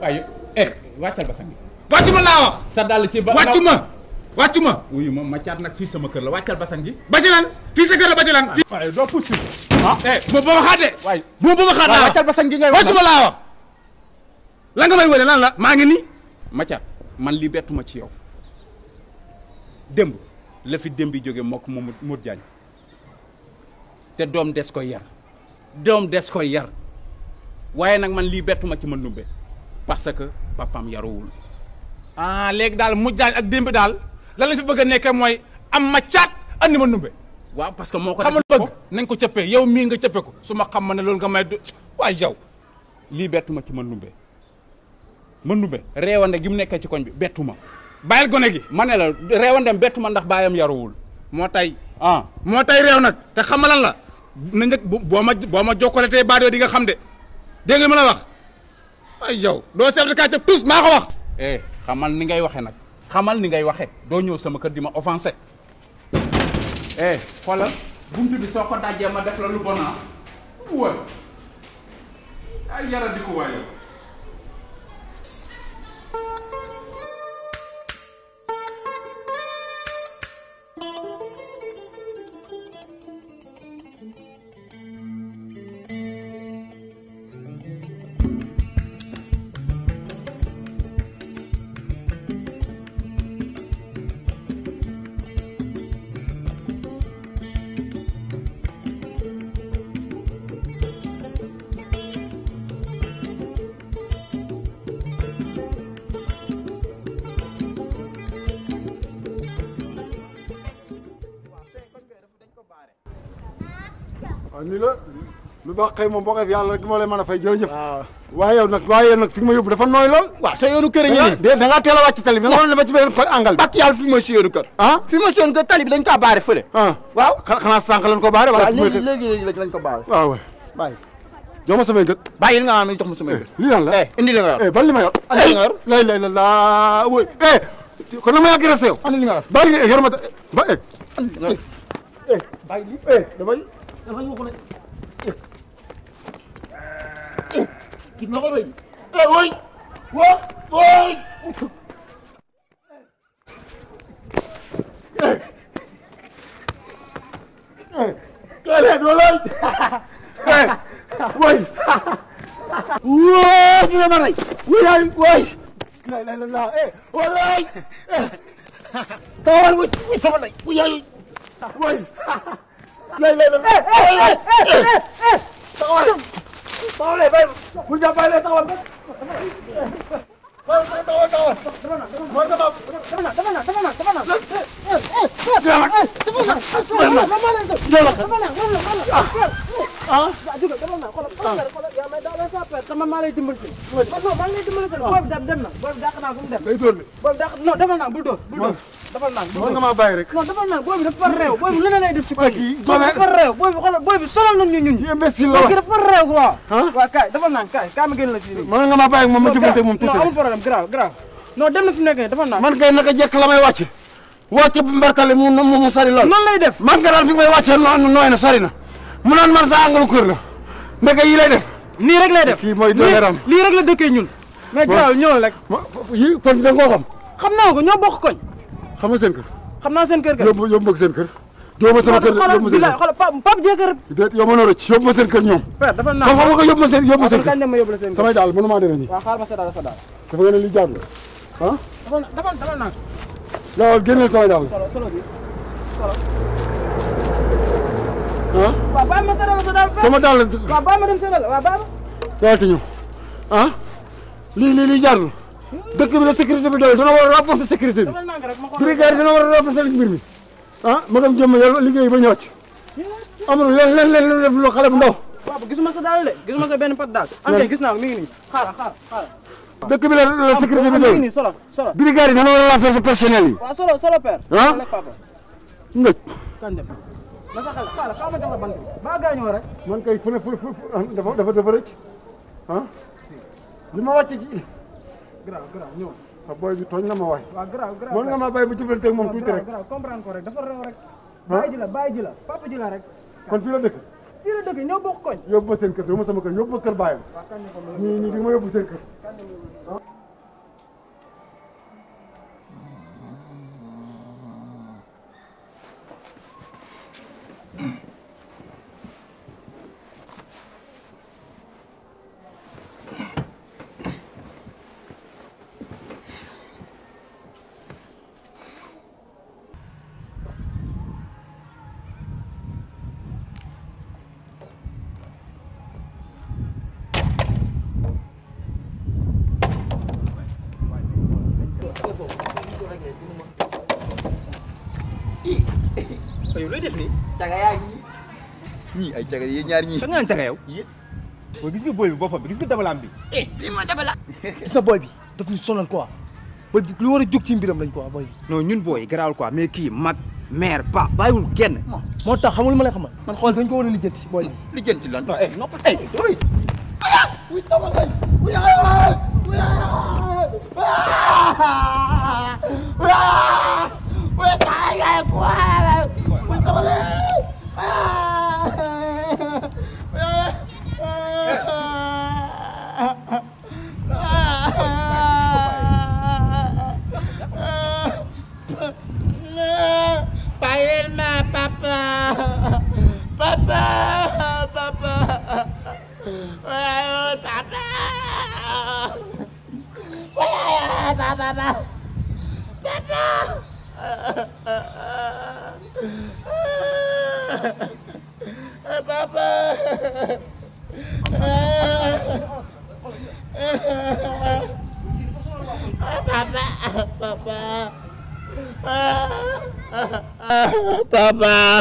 waaye eh wàccal ba sànni. wàccu ma laa wax. sa dàll ci ba wàccu ma. wàccu ma wuyu ma macaat nag fii sama kër la wàccal basan gi ba ci lan fii sa kër la ba ci lan waaye doo pousse ah eh bu ba waxaatee waaye bu ba waxaat laa wàccal basan gi ngay wàccu ma laa wax la nga may wane lan la maa ngi nii Matia man lii bettuma ci yow démb la fi bi jóge mokk mu mut te doom des ko yar doom des ko yar waaye nag man lii bettuma ci ma numbe parce que papam yaruwul ah léegi daal mut jaañ ak démb daal lan la fi bëgg a nekke mooy am ma caat andi ma numbe waaw parce que moo ko xamal bëgg nañ ko cëppee yow mii nga cëppe ko su ma xam ma ne loolu nga may du waaye yow lii bettuma ci ma numbe man Ndumbe reewande gi mu nekkee ci koñ bi bettu ma bàyyil gone gi ma ne la reewandem bettu ma ndax baayam yaruwul moo tay ah moo tay réew nag te xamalan la na njëkk boo ma boo ma jokkalatee baadoo di nga xam de dégg ma la wax ay yow doo chef de quartier tous maa ko wax eh xamal ni ngay waxe nag xamal ni ngay waxe doo ñëw sama kër di ma offensé eh xoolal buntu bi soo ko dajjee ma def la lu bon ah ay yara di waaye ba xëy moom boo xëy yàlla rek moo lay mën a fay jërëjëf waaye yow nag waaye yow nag fi nga ma yóbbu dafa nooy lool waaw sa yoonu kër ngi de da ngaa teel a wàcc tali bi nga dama ci beneen ko angal bi bak yàlla fi mooy si yoonu kër ah fi mooy si yoonu kër tali bi dañ kaa baare fële ah waaw xanaa sànq lañ ko baare wala léegi léegi léegi lañ ko baare waaw ah, waaw jox ma samay gët bàyyi nga naan jox ma samay eh, gët lii lan la eh, indi li nga yor eh, ban li ma yor andi li nga yor lay lay la laa wóy kon na ma agressé yow andi li nga yor bàyyi yor ma ba eh bàyyi li eh damay damay waxu ne Kim nói mình Là Huy Quá Huy Cơ đẹp luôn lên Huy Ui Như là này Huy đây Huy Này này lần nào Ê Huy lên Tao ăn Huy Huy sao này Huy ơi Huy Lên lên lên Ê Ê Ê Ê Ê Tao ăn Tahu leh, baik. Bunja baik leh tahu. dama maa lay dimbali si. non maa ngi lay dimbali si boobu dem na boobu dàq naa fu mu dem. day dóor de. boobu dàq non demal naa bul dóor bul dóor. dafa naan booy nga maa bàyyi rek. non dafa naan booy bi dafa réew booy bi lu ne lay def ci kër gi. booy bi dafa réew booy bi xoolal booy bi sonal nañ ñu ñun. la waay dafa réew quoi. waaw kaay dafa ma génn la ci nii. na fi naan. man kay naka jekk la may wàcc wàcc mbarkale mu mu mu sori lool. noonu def man nga daal fi may wàccee nooy na sori na mu naan la yi def. nii rek lay def kii mooy doyeram lii rek la dëkkee ñun. mais grave ñëw rek. yii kon da nga ko xam. naa ko ñoo bokk koñ xam nga seen kër. xam naa seen kër kay yóbbu yóbbu ma seen kër. yóbbu ma sama kër yóbbu ma seen kër xoolal Pape Pape Diakher. déet yow mënoo rëcc yóbbu ma seen kër ñoom. père dafa naan xam nga yóbbu ma seen yóbbu ma seen kër. samay daal mënuma demee nii. waaw xaaral ma sa daal sa daal. dafa nga ne li jaadu la ah. dafa dafa dafa naan. yow génneel samay daal. solo solo bi solo. ah. waaw bàyyi ma sa daal sa daal. sama daal la. waaw bàyyi ma dem sa daal waaw bàyyi ma. daal di ñëw ah lii lii lii jaadu la dëkk bi la sécurité bi doy dana war a renforcer sécurité bi brigade dana war a renforcer mbir mi ah magam jëmm yàlla liggéey ba ñëw ci amul leen leen leen lu def lu xale bu ndaw papa gisuma sa daal de gisuma sa benn pat daal am gis naa mi ngi nii xaaral xaaral xaaral dëkk bi la la sécurité bi doy solo solo brigade yi dana war a renforcer personnel yi waaw solo solo père ah ngëj kan dem na sa xel xaaral xaaral ma jox la bant ba gaañoo rek man kay fu ne fu dafa dafa dafa rëcc ah li ma wàcce ci garaaw garaaw tooñ na ma waay waaw nga ma bàyyi bu jëflanteeg moom tuuti rek garaaw comprendre rek dafa rew rek bàyyi ji la bàyyi ji la papa ji la rek kon fii la dëkk fii la dëkk ñoo bokk koñ yóbbu ma seen kër yóbbu ma sama kër yóbbu ma kër bàyyam ñii ñii di ma yóbbu seen kër cega yi ñaar ñi nga cega yow boy gis nga boy bi bopam bi gis nga dabalam bi eh li ma dabala gis nga boy bi daf ñu sonal quoi boy bi lu wara jog ci mbiram lañ quoi boy bi non ñun boy graawul quoi mais ki mag mère ba bayiwul kenn moo tax xamul ma lay xamal man xool bañ ko wara lijjanti boy bi lijjanti lan eh nopp eh boy wuy sama ngay wuy ay wuy ay wuy ay wuy ay ba bao ba bao ba ba Papa, papa, papa, papa.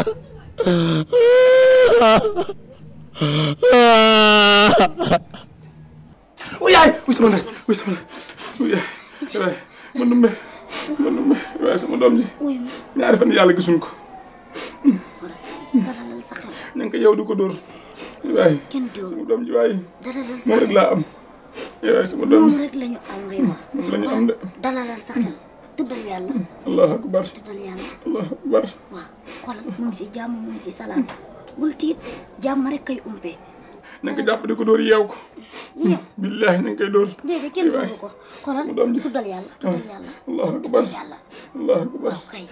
Ui ai, ui sao mà này, ui sao mà này, ui ai. man ma man doom ji ñaari fan yàlla gisuñ ko ko yow di ko dóor waaye sama doom ji waaye moom rek laa am waaye sama doom ji moom rek lañu am ngay wax moom lañu am de dalalal sa xel tuddal yàlla allahu akbar tuddal yàlla allahu akbar waaw xoolal mu ngi ci jàmm mu ngi na nga ko jàpp di ko dóor yeew ko. yeew billaahi na nga koy dóor. déedéet kenn dóoru ko xoolal tuddal yàlla tuddal yàlla. allahu akbar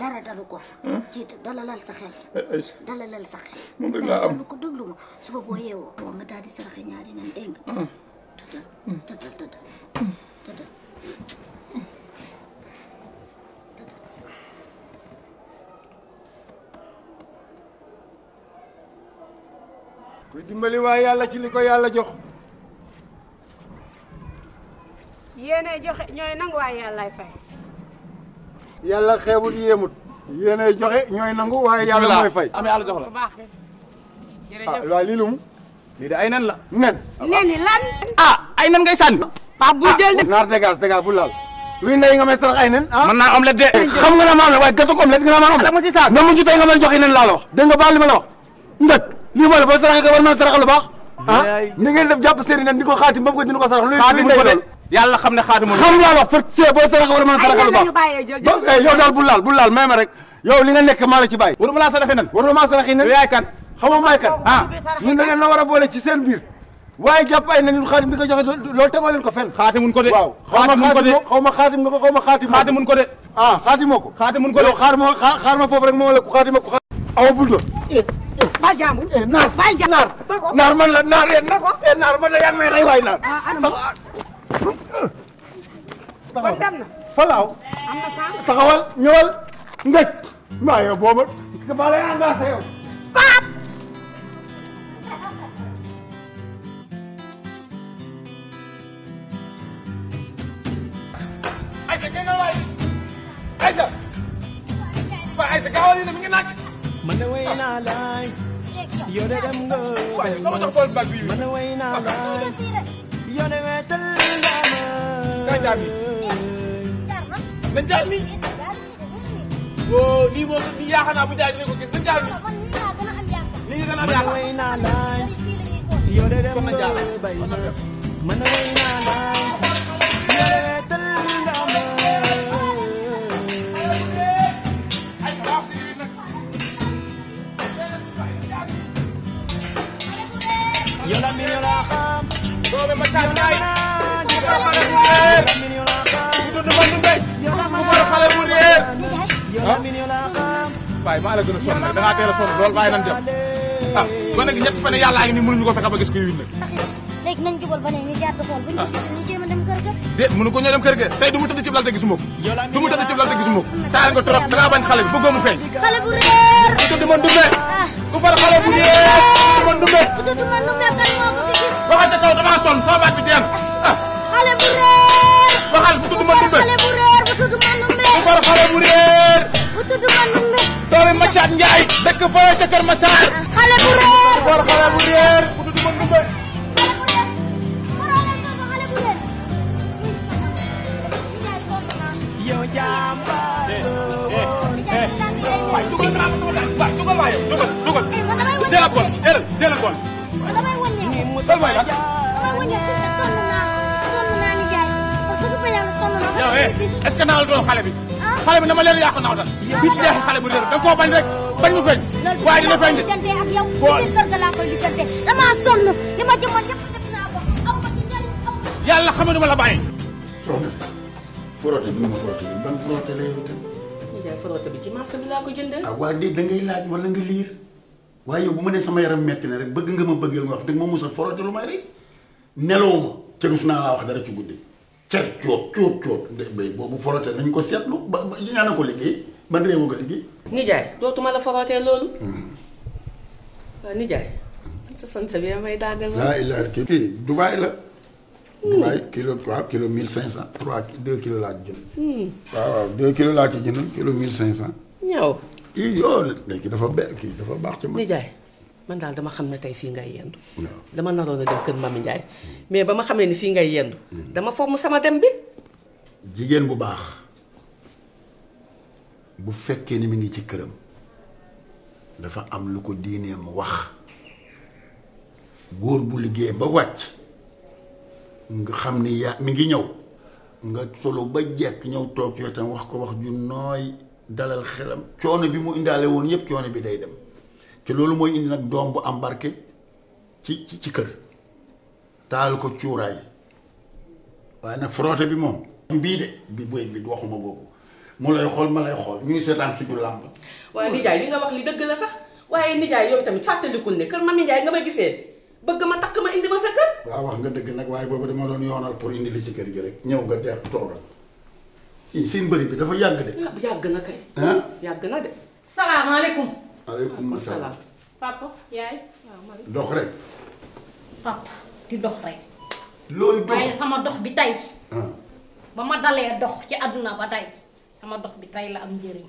dara dalu ko. jiitu dalalal sa xel. ay dalalal sa xel. moom rek laa am déglu ko déglu ma suba boo yeewoo. waaw nga daal di ñaari nan dégg ku dimbali waa yalla ci liko yalla jox yene joxe ñooy nangu waaye yàllaay fay yalla xewul yemut yene joxe ñoy nang waaye yalla moy fay amee yalla jox la baax jërëjëf ah, waaw lii lum ay nan la nan neni lan ah ay nan ngay san pa bu ah, jël de naar dégage dégage bu lal luy ndey nga may sax ay nan ah? man na naa omelette de xam nga na ma la waaye gâteau omelette nga na ma omelette dama ci saa na mujj tey nga may joxe nan laa la wax de nga baal li ma la wax ndëkk lii mooy la boo saraxee ko war naa saraxal lu baax ah ni ngeen def jàpp sëriñ nag di ko xaatim ba mu ko dina ko sarax lu xaatim ko de yàlla xam ne xaatim xam laa wax fa see boo saraxee war naa saraxal lu baax yow daal bu laal bu laal may ma rek yow li nga nekk maa la ci bàyyi waruma laa saraxee nan waruma laa saraxee nan yaay kan xamoo maay kan ah ñun da ngeen na war a boole ci seen biir waaye jàpp ay na ñun xaatim bi ko joxe loolu tegoo leen ko fenn xaatimun ko de waaw xaw ma xaatim nga ko xaw ma xaatim xaatimun ko de ah xaatimoo ko xaatimun ko de xaar ma foofu rek moo la ku xaatima ku awa bul doon. Eh, eh, baal jàmbur. Eh, naar naar man naar yéen naar man naar. Ah, kon taxawal ñëwal. ndëj. maa yow booba. maa lay engagé yow. Pape. man de wey naa laay yow de dem nga béy man de wey naa laay yow de wetal nga ma. man daal mi. wóo oh, lii moom bi yaakaar naa bu jaay dina ko gis man daal mi. lii a yaakaar man de wey naa laay yow de dem nga béy man de wey naa laay Yolami ni la xam. doomi ma caat kaay. di ko xale bu réer. mu tudd Badou Mbaye. mu mën xale bu réer. ah. waaye maa la gën a sonn nag da ngaa teel a sonn lool waaye nan jëm. ah ba nag ñett fan yàlla a ngi nii mënuñu ko fexe ba gis kuy win nag. léegi nañ jubal ba ne ñu jaar xool ah. buñu ñu dé mënu ko ñoo kër ga tay du mu tudd ci lal te gisuma du mu tudd ci lal te gisuma ko taal nga trop da nga bañ xalé bu bëggoo feñ xalé bu reer du tudd man dumbe ku far xalé bu réer man dumbe du tudd man dumbe kan moo ko fi gis waxal ca taw dama son so baat bi dem xalé bu reer waxal bu tudd man dumbe xalé bu reer bu tudd man dumbe ku far xalé bu reer bu tudd man dumbe doomi Macaat Njaay dëkk fële ca Kër Masaar xale bu réer ku far xale bu réer ku tudd man dumbe yow jàmbaar waay dugal naa ko waay dugal waay dugal dugal jëlal bool jëlal jëlal bool sal waay ak yow est-ce que naawal doon xale bi xale bi dama leen yàq naaw tal bi jeex xale bu réer da nga koo bañ rek bañ mu feeñ waaye dina feeñ de ak yow kër laa koy diggante dama sonn li ma jëmoon yëpp def naa ko aw ma ci njëriñ yàlla xam ne du ma la bàyyi frotté bi ma frotté bi la yow tam. nijaay frotté bi ci marché bi laa ko jëndee. ah waa de da ngay laaj wala nga liir waaye yow bu ma nee sama yaram metti na rek bëgg nga ma bëggeel nga wax dëgg a frotté lu may rek neloo ma ca rus naa laa ko seetlu ba ba ko liggéey man réewu nga liggéey. nijaay dootuma la forootee loolu. Hmm. waaw nijaay. sa sant bi may daaneel. laa ilaaha kii Dubaay la. bu hmm. may kilo waaw kilo mille cinq cent. trois deux kilo laa ci jënd. Hmm. waaw waaw deux kilos laa ci jënd kilo mille cinq cent. ñëw. kii yoo léegi dafa be kii dafa baax ci man. nijaay man daal dama xam ne tey fii ngay yendu. dama naroon a dem kër Mami Ndiaye. mais ba ma xamee ni fii ngay yendu. Hmm. dama fomm sama dem bi. jigéen bu baax bu fekkee ni mu ngi ci këram dafa am lu ko diineem wax góor bu liggéey ba wàcc. nga xam ni yaa mi ngi ñëw nga solo ba jekk ñëw toog yooyu wax ko wax ju nooy dalal xelam coono bi mu indaale woon yëpp coono bi day dem te loolu mooy indi nag doom bu embarqué ci ci kër taal ko cuuraay waaye nag frotté bi moom bii de bi waxuma boobu mu lay xool ma xool ñuy seetaan suñu làmb waaye nijaay tamit fàttalikul ne kër Mami Njaay nga ma gisee bëgg ma takk ma indi ma sa kër. waaw wax nga dëgg nag waaye boobu dama doon yoonal pour indi li ci kër gi rek ñëw nga der toogal kii seen bëri bi dafa yàgg de. Ah, yàgg na kay. yàgg na de. salaamaaleykum. maaleykum salaam. papa yaay. dox rek. papa di dox rek. looy dox sama dox bi tey. Ah. ba ma dalee dox ci àdduna ba tey sama dox bi tey la am njëriñ.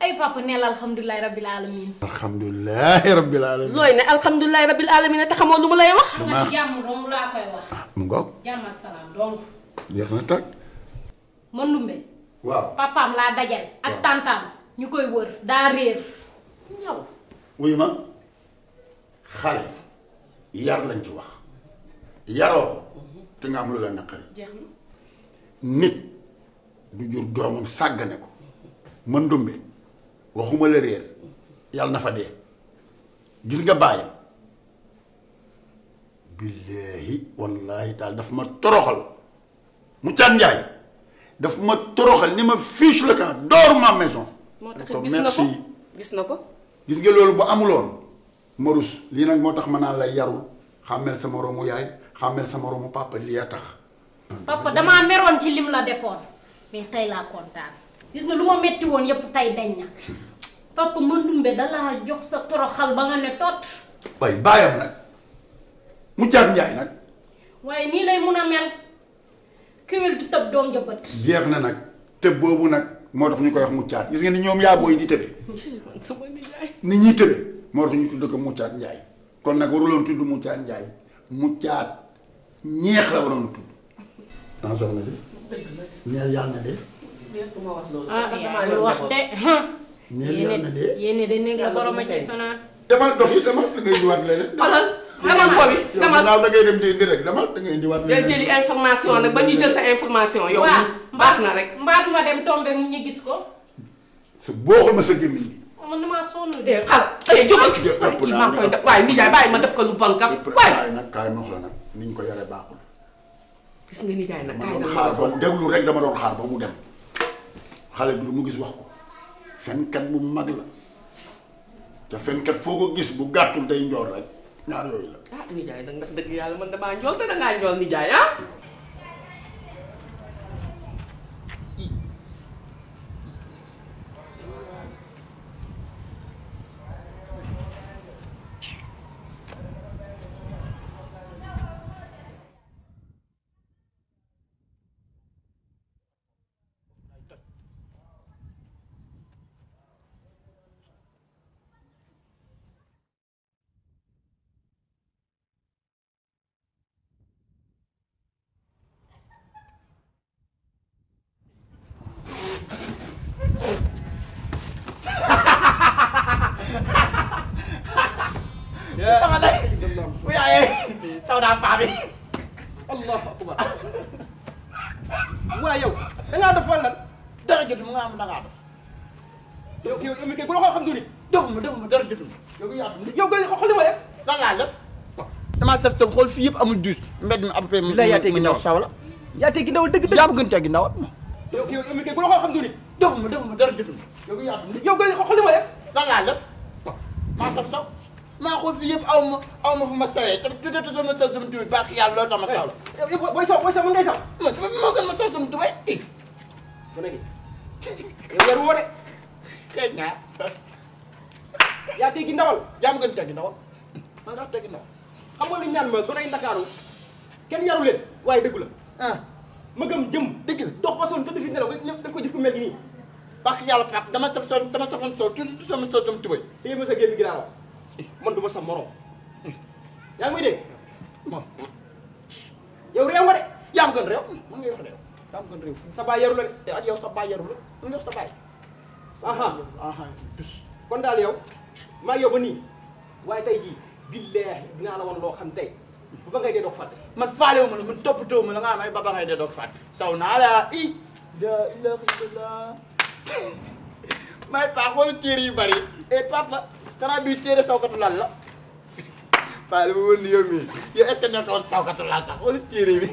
ay papa neel alhamdullahi rabbil alamin alhamdullahi rabbil alamin loy ne alhamdullahi rabbil alamin ta xamoo luma lay wax nga jàmm dong laa koy wax ah, mu ngok jàmm ak salam dong jeex na tag mëndumbe waaw am la dajal ak tantam ñukoy wër da réer ñaw wuy ma xale yar lañ ci wax yaro te nga am lu la nakari jeex na nit du jur doomam sagane ko dumbe waxuma la réer yàlla na fa dee gis nga bàyyam billaahi wallaahi daal daf ma toroxal mu caat njaay daf ma toroxal ni ma fiche le camp dors ma maison moo tax gis na ko gis nga loolu bu amuloon ma rus lii nag moo tax ma la lay yarul xàmmel sa moroomu yaay xàmmel sa moroomu papa lii a tax damaa meroon ci lim la defoon mais tey laa kontaan gis na luma ya metti woon yëpp tey dañ na papa Mandoumbe dalaa jox sa toroxal ba nga ne tot bay bayam nak mu jaag nak waye ni lay mëna mel kewel du tab dom jëbët jeex na nak te bobu nak mo tax ñukoy wax mu muccaat gis nga ni ñom ya boy di tebe ni ñi tebe mo tax ñu tuddu ko muccaat njaay kon nag waruloon tudd muccaat mu muccaat ñeex la waroon tudd. Ah, de. de. ah yaa ngi wax de. yéen it yéen la borom a ci fanaan. demal dox yi demal da ngay indiwaat leneen. xoolal demal foofu yi dem di indi jëli information nag ba ñu jël sa information. yow baax na rek. mbaatu ma dem tombé ñu gis ko. sa booxul ma sa gémmiñ gi. Oh, man damaa sonn de. Eh, xar ay eh, jógal kii maa koy def waaye nijaay bàyyi ma def ko lu bon kam. waaye nag kaay ma nag ni ñu ko yore baaxul. gis nga nijaay nag kaay na ma doon xaar ba mu déglu rek dama doon xaar ba mu dem xale bi lu mu gis wax ko fenkat bu mag la te fenkat foo ko gis bu gàttul day njool rek ñaar yooyu la. ah nijaay nag ndax dëgg yàlla man damaa njool te dangaa njool nijaay ah. suuf yëpp amul duus mbedd mi à peu près mu ñëw saw la yaa dëgg dëgg yaa gën teggi ndaw yow yow mi kay ku la xool xam du ni defuma defuma dara jotul yow yaa yow ma def saw maa xool fii yëpp aw ma aw ma fu ma sawee te jotee sama saw sama tubéy baax yàlla loolu tax ma saw la eh, yow booy saw booy saw mën ngay saw moo gën ma saw sama tubéy bu nekk yow yaru woo de tey naa yaa ma gën teggi ndawal xam nga li ñaan ma gonay ndakaru kenn yarul leen waye dëggu la ah ma gëm jëm degg la dox ba son tëdd fi nelaw da ko jëf ku mel ni bax yalla pap dama sa son dama sa fon so tuuti tu sama so sama tubay yi ma sa gën gi ginaaw man duma sa morom ya ngi de dégg yow rew nga de ya ma gën rew mën nga wax rew yaa ma gën rew sa ba yarul la de ak eh, yow sa ba yarul la mën wax sa baay aha aha kon dal yow ma yow ba nii waaye tey jii billahi dinaa la woon loo xam tey ba ngay dee doog fàtte man faalewu ma la man toppatoo ma nga am baba ngay saw la i la ilaha illallah may bari e eh, papa xanaa bii téere sawkatu lal la faale ma woon ni yow est ce que nekkoon sawkatu lal sax wala téere bi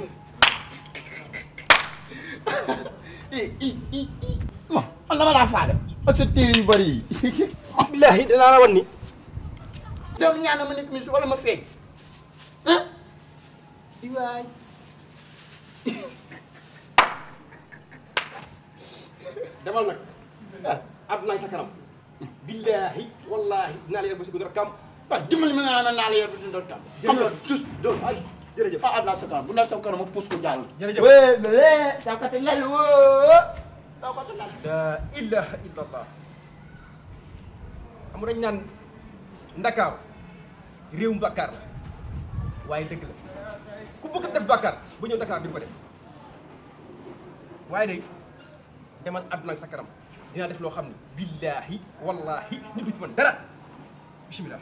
eh, i i i ma faale ak bari billahi la ni doom ñaana ma nekk ministre wala ma feeñ ah di demal nak àdduna sa kanam billahi wallahi na la yor ba si guddi kam ba dimbali ma naa na la yor ba si guddi kam jeul nga tous doom ay jërëjëf fa àdduna sa kanam bu na sa kanam ma puus ko jàll jërëjëf wee wee tawkati lal ko te lal la ilaha illallah amu rañ nan ndakaaru réewum bakkar la waaye dëgg la ku bëgg def bakkar bu ñëw Dakar di ko def waaye day demal aduna ak sakaram dina def loo xam ne billaahi wallaahi nit du ci man dara bismillah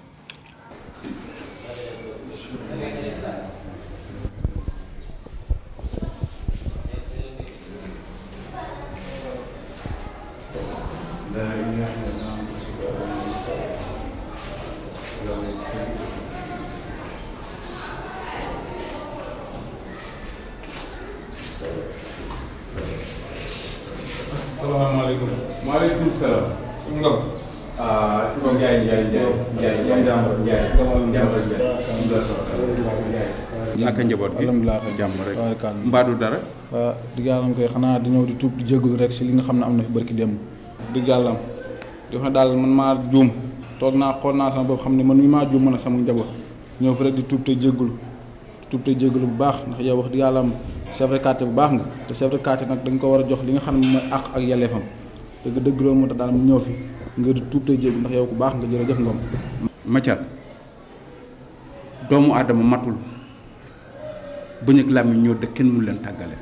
لا إله إلا Ngom. Ngom Ndiaye Ndiaye Ndiaye Ndiaye Ndiambar Ndiaye. Ndiambar Ndiaye. ak njaboot gi alhamdulilah jàmm rek mbaadu dara di yàlla koy xanaa di ñëw di tuub di jégalu rek si di yàlla di wax ne daal man maa juum toog naa xool naa sama bopp xam ne man mi maa juum mën a sama njaboot di tuub te jégalu tuub te jégalu bu baax ndax yow wax di yàlla am chef gede deug lo mo ta dal ñoo fi nga du tuté jëg ndax yow ku baax nga jërëjëf ngoom macar doomu adam matul bëñ ak làmmiñ ñoo de kenn mu leen tagalé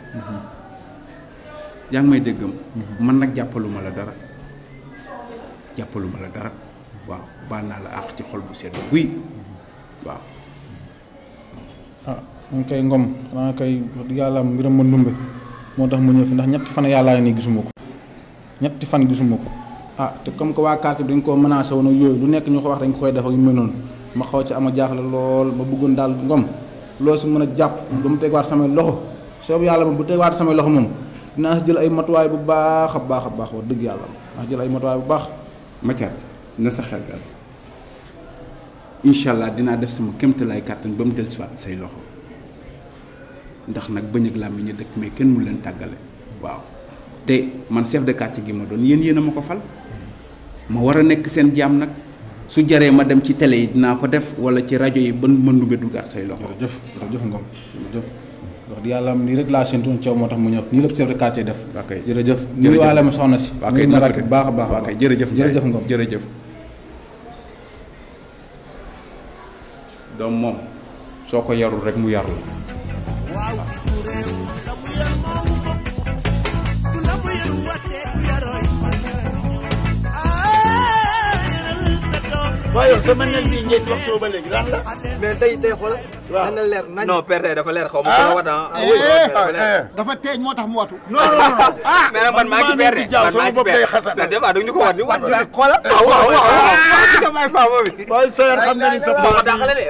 yaa may déggam man nak jappaluma la dara jappaluma la dara waaw ba na la ak ci xol bu sét guuy waaw ah man ngom xanaa kay yàlla mbiram ma numbe motax tax mu ñëw fi ndax ñett ñetti fan gisuma ko ah te comme que waa quartier bi dañ koo menacé woon ak yooyu lu nekk ñu ko wax dañ koy def ak yu mel noonu ma xaw ci ama jaaxle lool ma bëggoon daal ngom loolu si mën a jàpp ba mu tegwaat samay loxo soobu yàlla moom bu tegwaat samay loxo moom dinaa si jël ay matuwaay bu baax a baax a baax dëgg yàlla dinaa si jël ay matuwaay bu baax Mathiat na sa xel dal incha allah dinaa def sama kéemtalaay kàttan ba mu dellusiwaat say loxo ndax nag bëñ ak làmmiñ a dëkk mais kenn mu leen tàggale waaw te man chef de quartier gi ma doon yéen yéen a ma ko fal ma war a nekk seen jaam nag su jaree ma dem ci tele yi dinaa ko def wala ci rajo yi ban mën nu duggaat say loxo. jëf jërëjëf Ngom jërëjëf wax di yàlla am nii rek laa séntu woon moo tax mu ñëw nii lépp chef de quartier def. waaw kay jërëjëf nuyu waale ma soxna si. waaw kay dina ko baax a baax. waaw kay jërëjëf jërëjëf Ngom jërëjëf. doom moom soo ko yarul rek mu yarul. waaw yow sama nekk bii ngeen wax soo ba léegi lan la. mais tey tey xool. waaw dana leer nañ. non perte dafa leer xaw ma ko ah. wat ah. ah eh, dafa eh, teej moo tax mu watu. non non non ah. mais nag man maa ngi perte man maa ngi perte mais damaa dañu ko wat ni wat. xoolal waaw waaw waaw. gis nga may faa boobu. waaye Seye xam na ni sa bopp maa dàqale de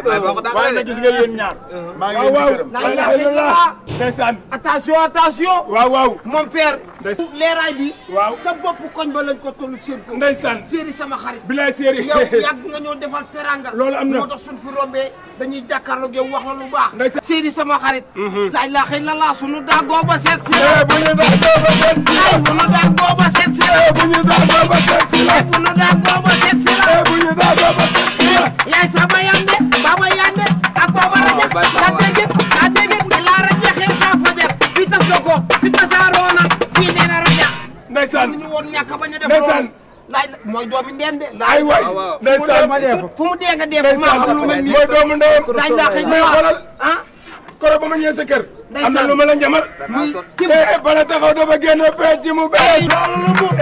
waaye nag gis nga yéen ñaar. maa ngi leen di gërëm waaw waaw. ndeysaan attention attention. waaw waaw moom père. ndeysaan leeraay bi. waaw ca bopp koñ ba lañ ko toll séer ko. ndeysaan séeri sama xarit. bilaay séeri yow yàgg nga ñoo defal teranga. loolu am na moo tax suñ fi rombee dañuy jàkkaarloog yow wax la lu baax. ndeysaan sama xarit. laaj laa xëy na laa sunu daa gooba seet si la. bu ñu daa gooba seet si la. bu ñu daa gooba seet si la. bu ñu daa gooba seet si la. bu ñu daa gooba seet si la. ndeysaan ñu woon ñàkk bañ a def ndeysaan laaj mooy doomi ndeen de laay waay ndeysaan ma def fu mu dee nga dee maa xam lu mel nii mooy doomu ndeyam daañ laa xëy mais xoolal ah koro ba ma ñëwee sa kër am na lu ma la njamar eh, eh bala taxaw dafa génn pecc mu bees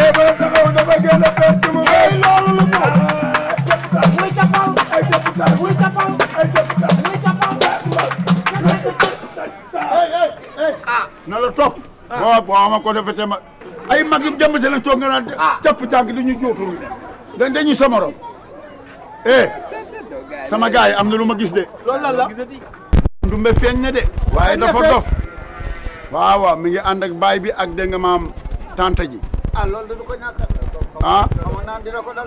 eh bala taxaw dafa génn pecc mu bees loolu lu mu ah, muy tapaw ay tapaw muy tapaw ay tapaw muy tapaw ah na la topp boo ah. boo ma ko defete ma ay mag yu jëmm si lañ nga naan ah. capp tànk du ñu jootul dañ dañu samaro eh sama gars yi am na lu ma gis de. loolu lan la ndumbe feeñ na de. waaye dafa dof. waaw waaw mi ngi ànd ak baay bi ak dégg nga maam tante ji. Ah, loolu dina ko ñàkk ah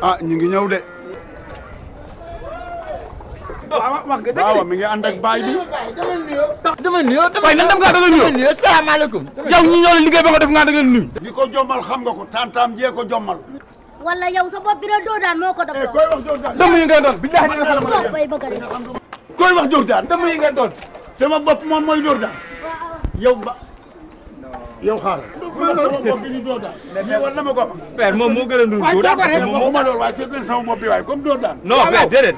ah ñu ngi ñëw de. waaw wax mi ngi ànd ak baay bi. dama nuyoo dama nuyoo waaye nan dem ngaa dama nuyoo dama nuyoo salaamaaleykum. yow ñi ñoo la liggéey ba nga def ngaa da nga nuyu. li ko jommal xam nga ko tantam jee ko jommal. wala yow sa bopp bi la doodaan moo ko eh, def. koy wax doodaan dama yi ngeen doon bi nga xam koy wax doodaan dama yi ngeen doon. sama bopp moom mooy doodaan yow ba. yow xaaral. war na ma ko. père moom moo gën a ndur dóor daan moom ma loolu waaye seet leen sama bopp bi waaye comme dóor daan. non père déedéet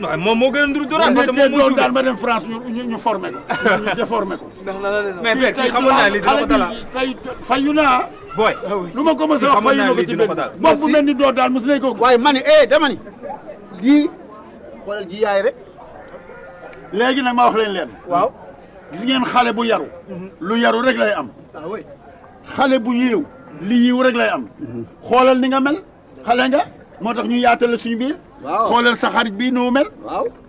non moom moo gën a ndur dóor daan parce que moom dóor daan ma dem France ñu ñu formé ko ñu déformé ko. mais père kii xamoon naa lii dina ko dala tey fayu naa. booy ah lu ma ko mos a wax fayu na ko ci benn moom bu mel ni dóor daan mos nañ ko. waaye ma ni eh dama ni lii xoolal ji yaay rek. léegi nag ma wax leen leen waaw gis ngeen xale bu yaru lu yaru rek lay am xale bu yiiw li yiiw rek lay am xoolal ni nga mel xale nga moo tax ñu yaatale la suñu biir xoolal sa xarit bii noo mel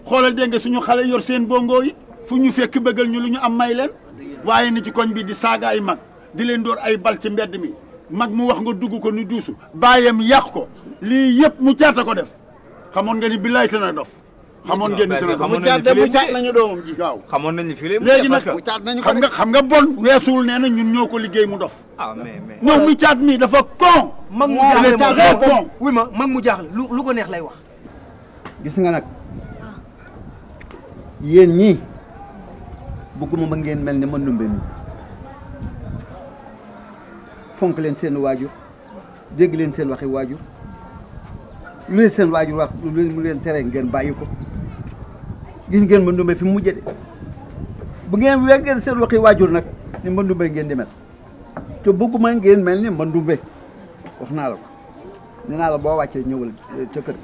xoolal dégg nga suñu xale yor seen ngoo yi fu ñu fekk bëggal ñu lu ñu am may leen waaye ni ci koñ bi di saaga ay mag di leen door ay bal ci mbedd mi mag mu wax nga dugg ko nu duusu bàyyam yàq ko lii yëpp mu caata ko def xamoon nga ni billaay te na dof xamoon ngeen ni dina mu caat de mu caat nañu doomam ji waaw xamoon nañu fii léegi nag xam nga xam nga bon weesuwul nee na ñun ñoo ko liggéey mu dof ah mais mais ñoom mu caat mi dafa con mag mu jaaxle dafa con oui mu jaaxle lu lu ko neex lay wax gis nga nag yéen ñi bëgguma ma ngeen mel ni ma ndumbe mi fonk leen seen waajur dégg leen seen waxi waajur lu leen seen waajur wax lu leen tere ngeen bàyyi ko gis ngeen ndumbe fi mujje de bu ngeen wéggé sét waxi wajur nak ni ndumbe ngeen di mel te bëgguma ngeen mel ni ndumbe wax naa la ko nee naa la bo waccé ñëwal eh, ci kër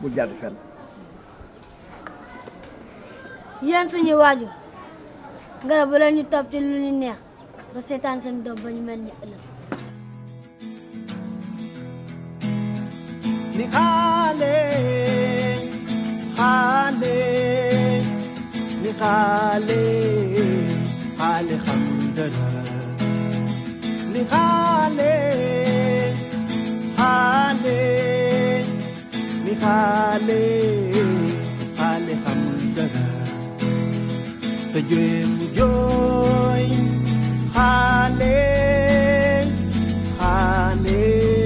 bu jadd fenn yeen suñu waju ngara bu leen ñu topp ci lu ñu neex ba sétan seen do ba ñu mel ni ëllëg ni xaale حالي لخالي حالي حمدنا لخالي حالي لخالي حالي حمدنا سجن جوي حالي حالي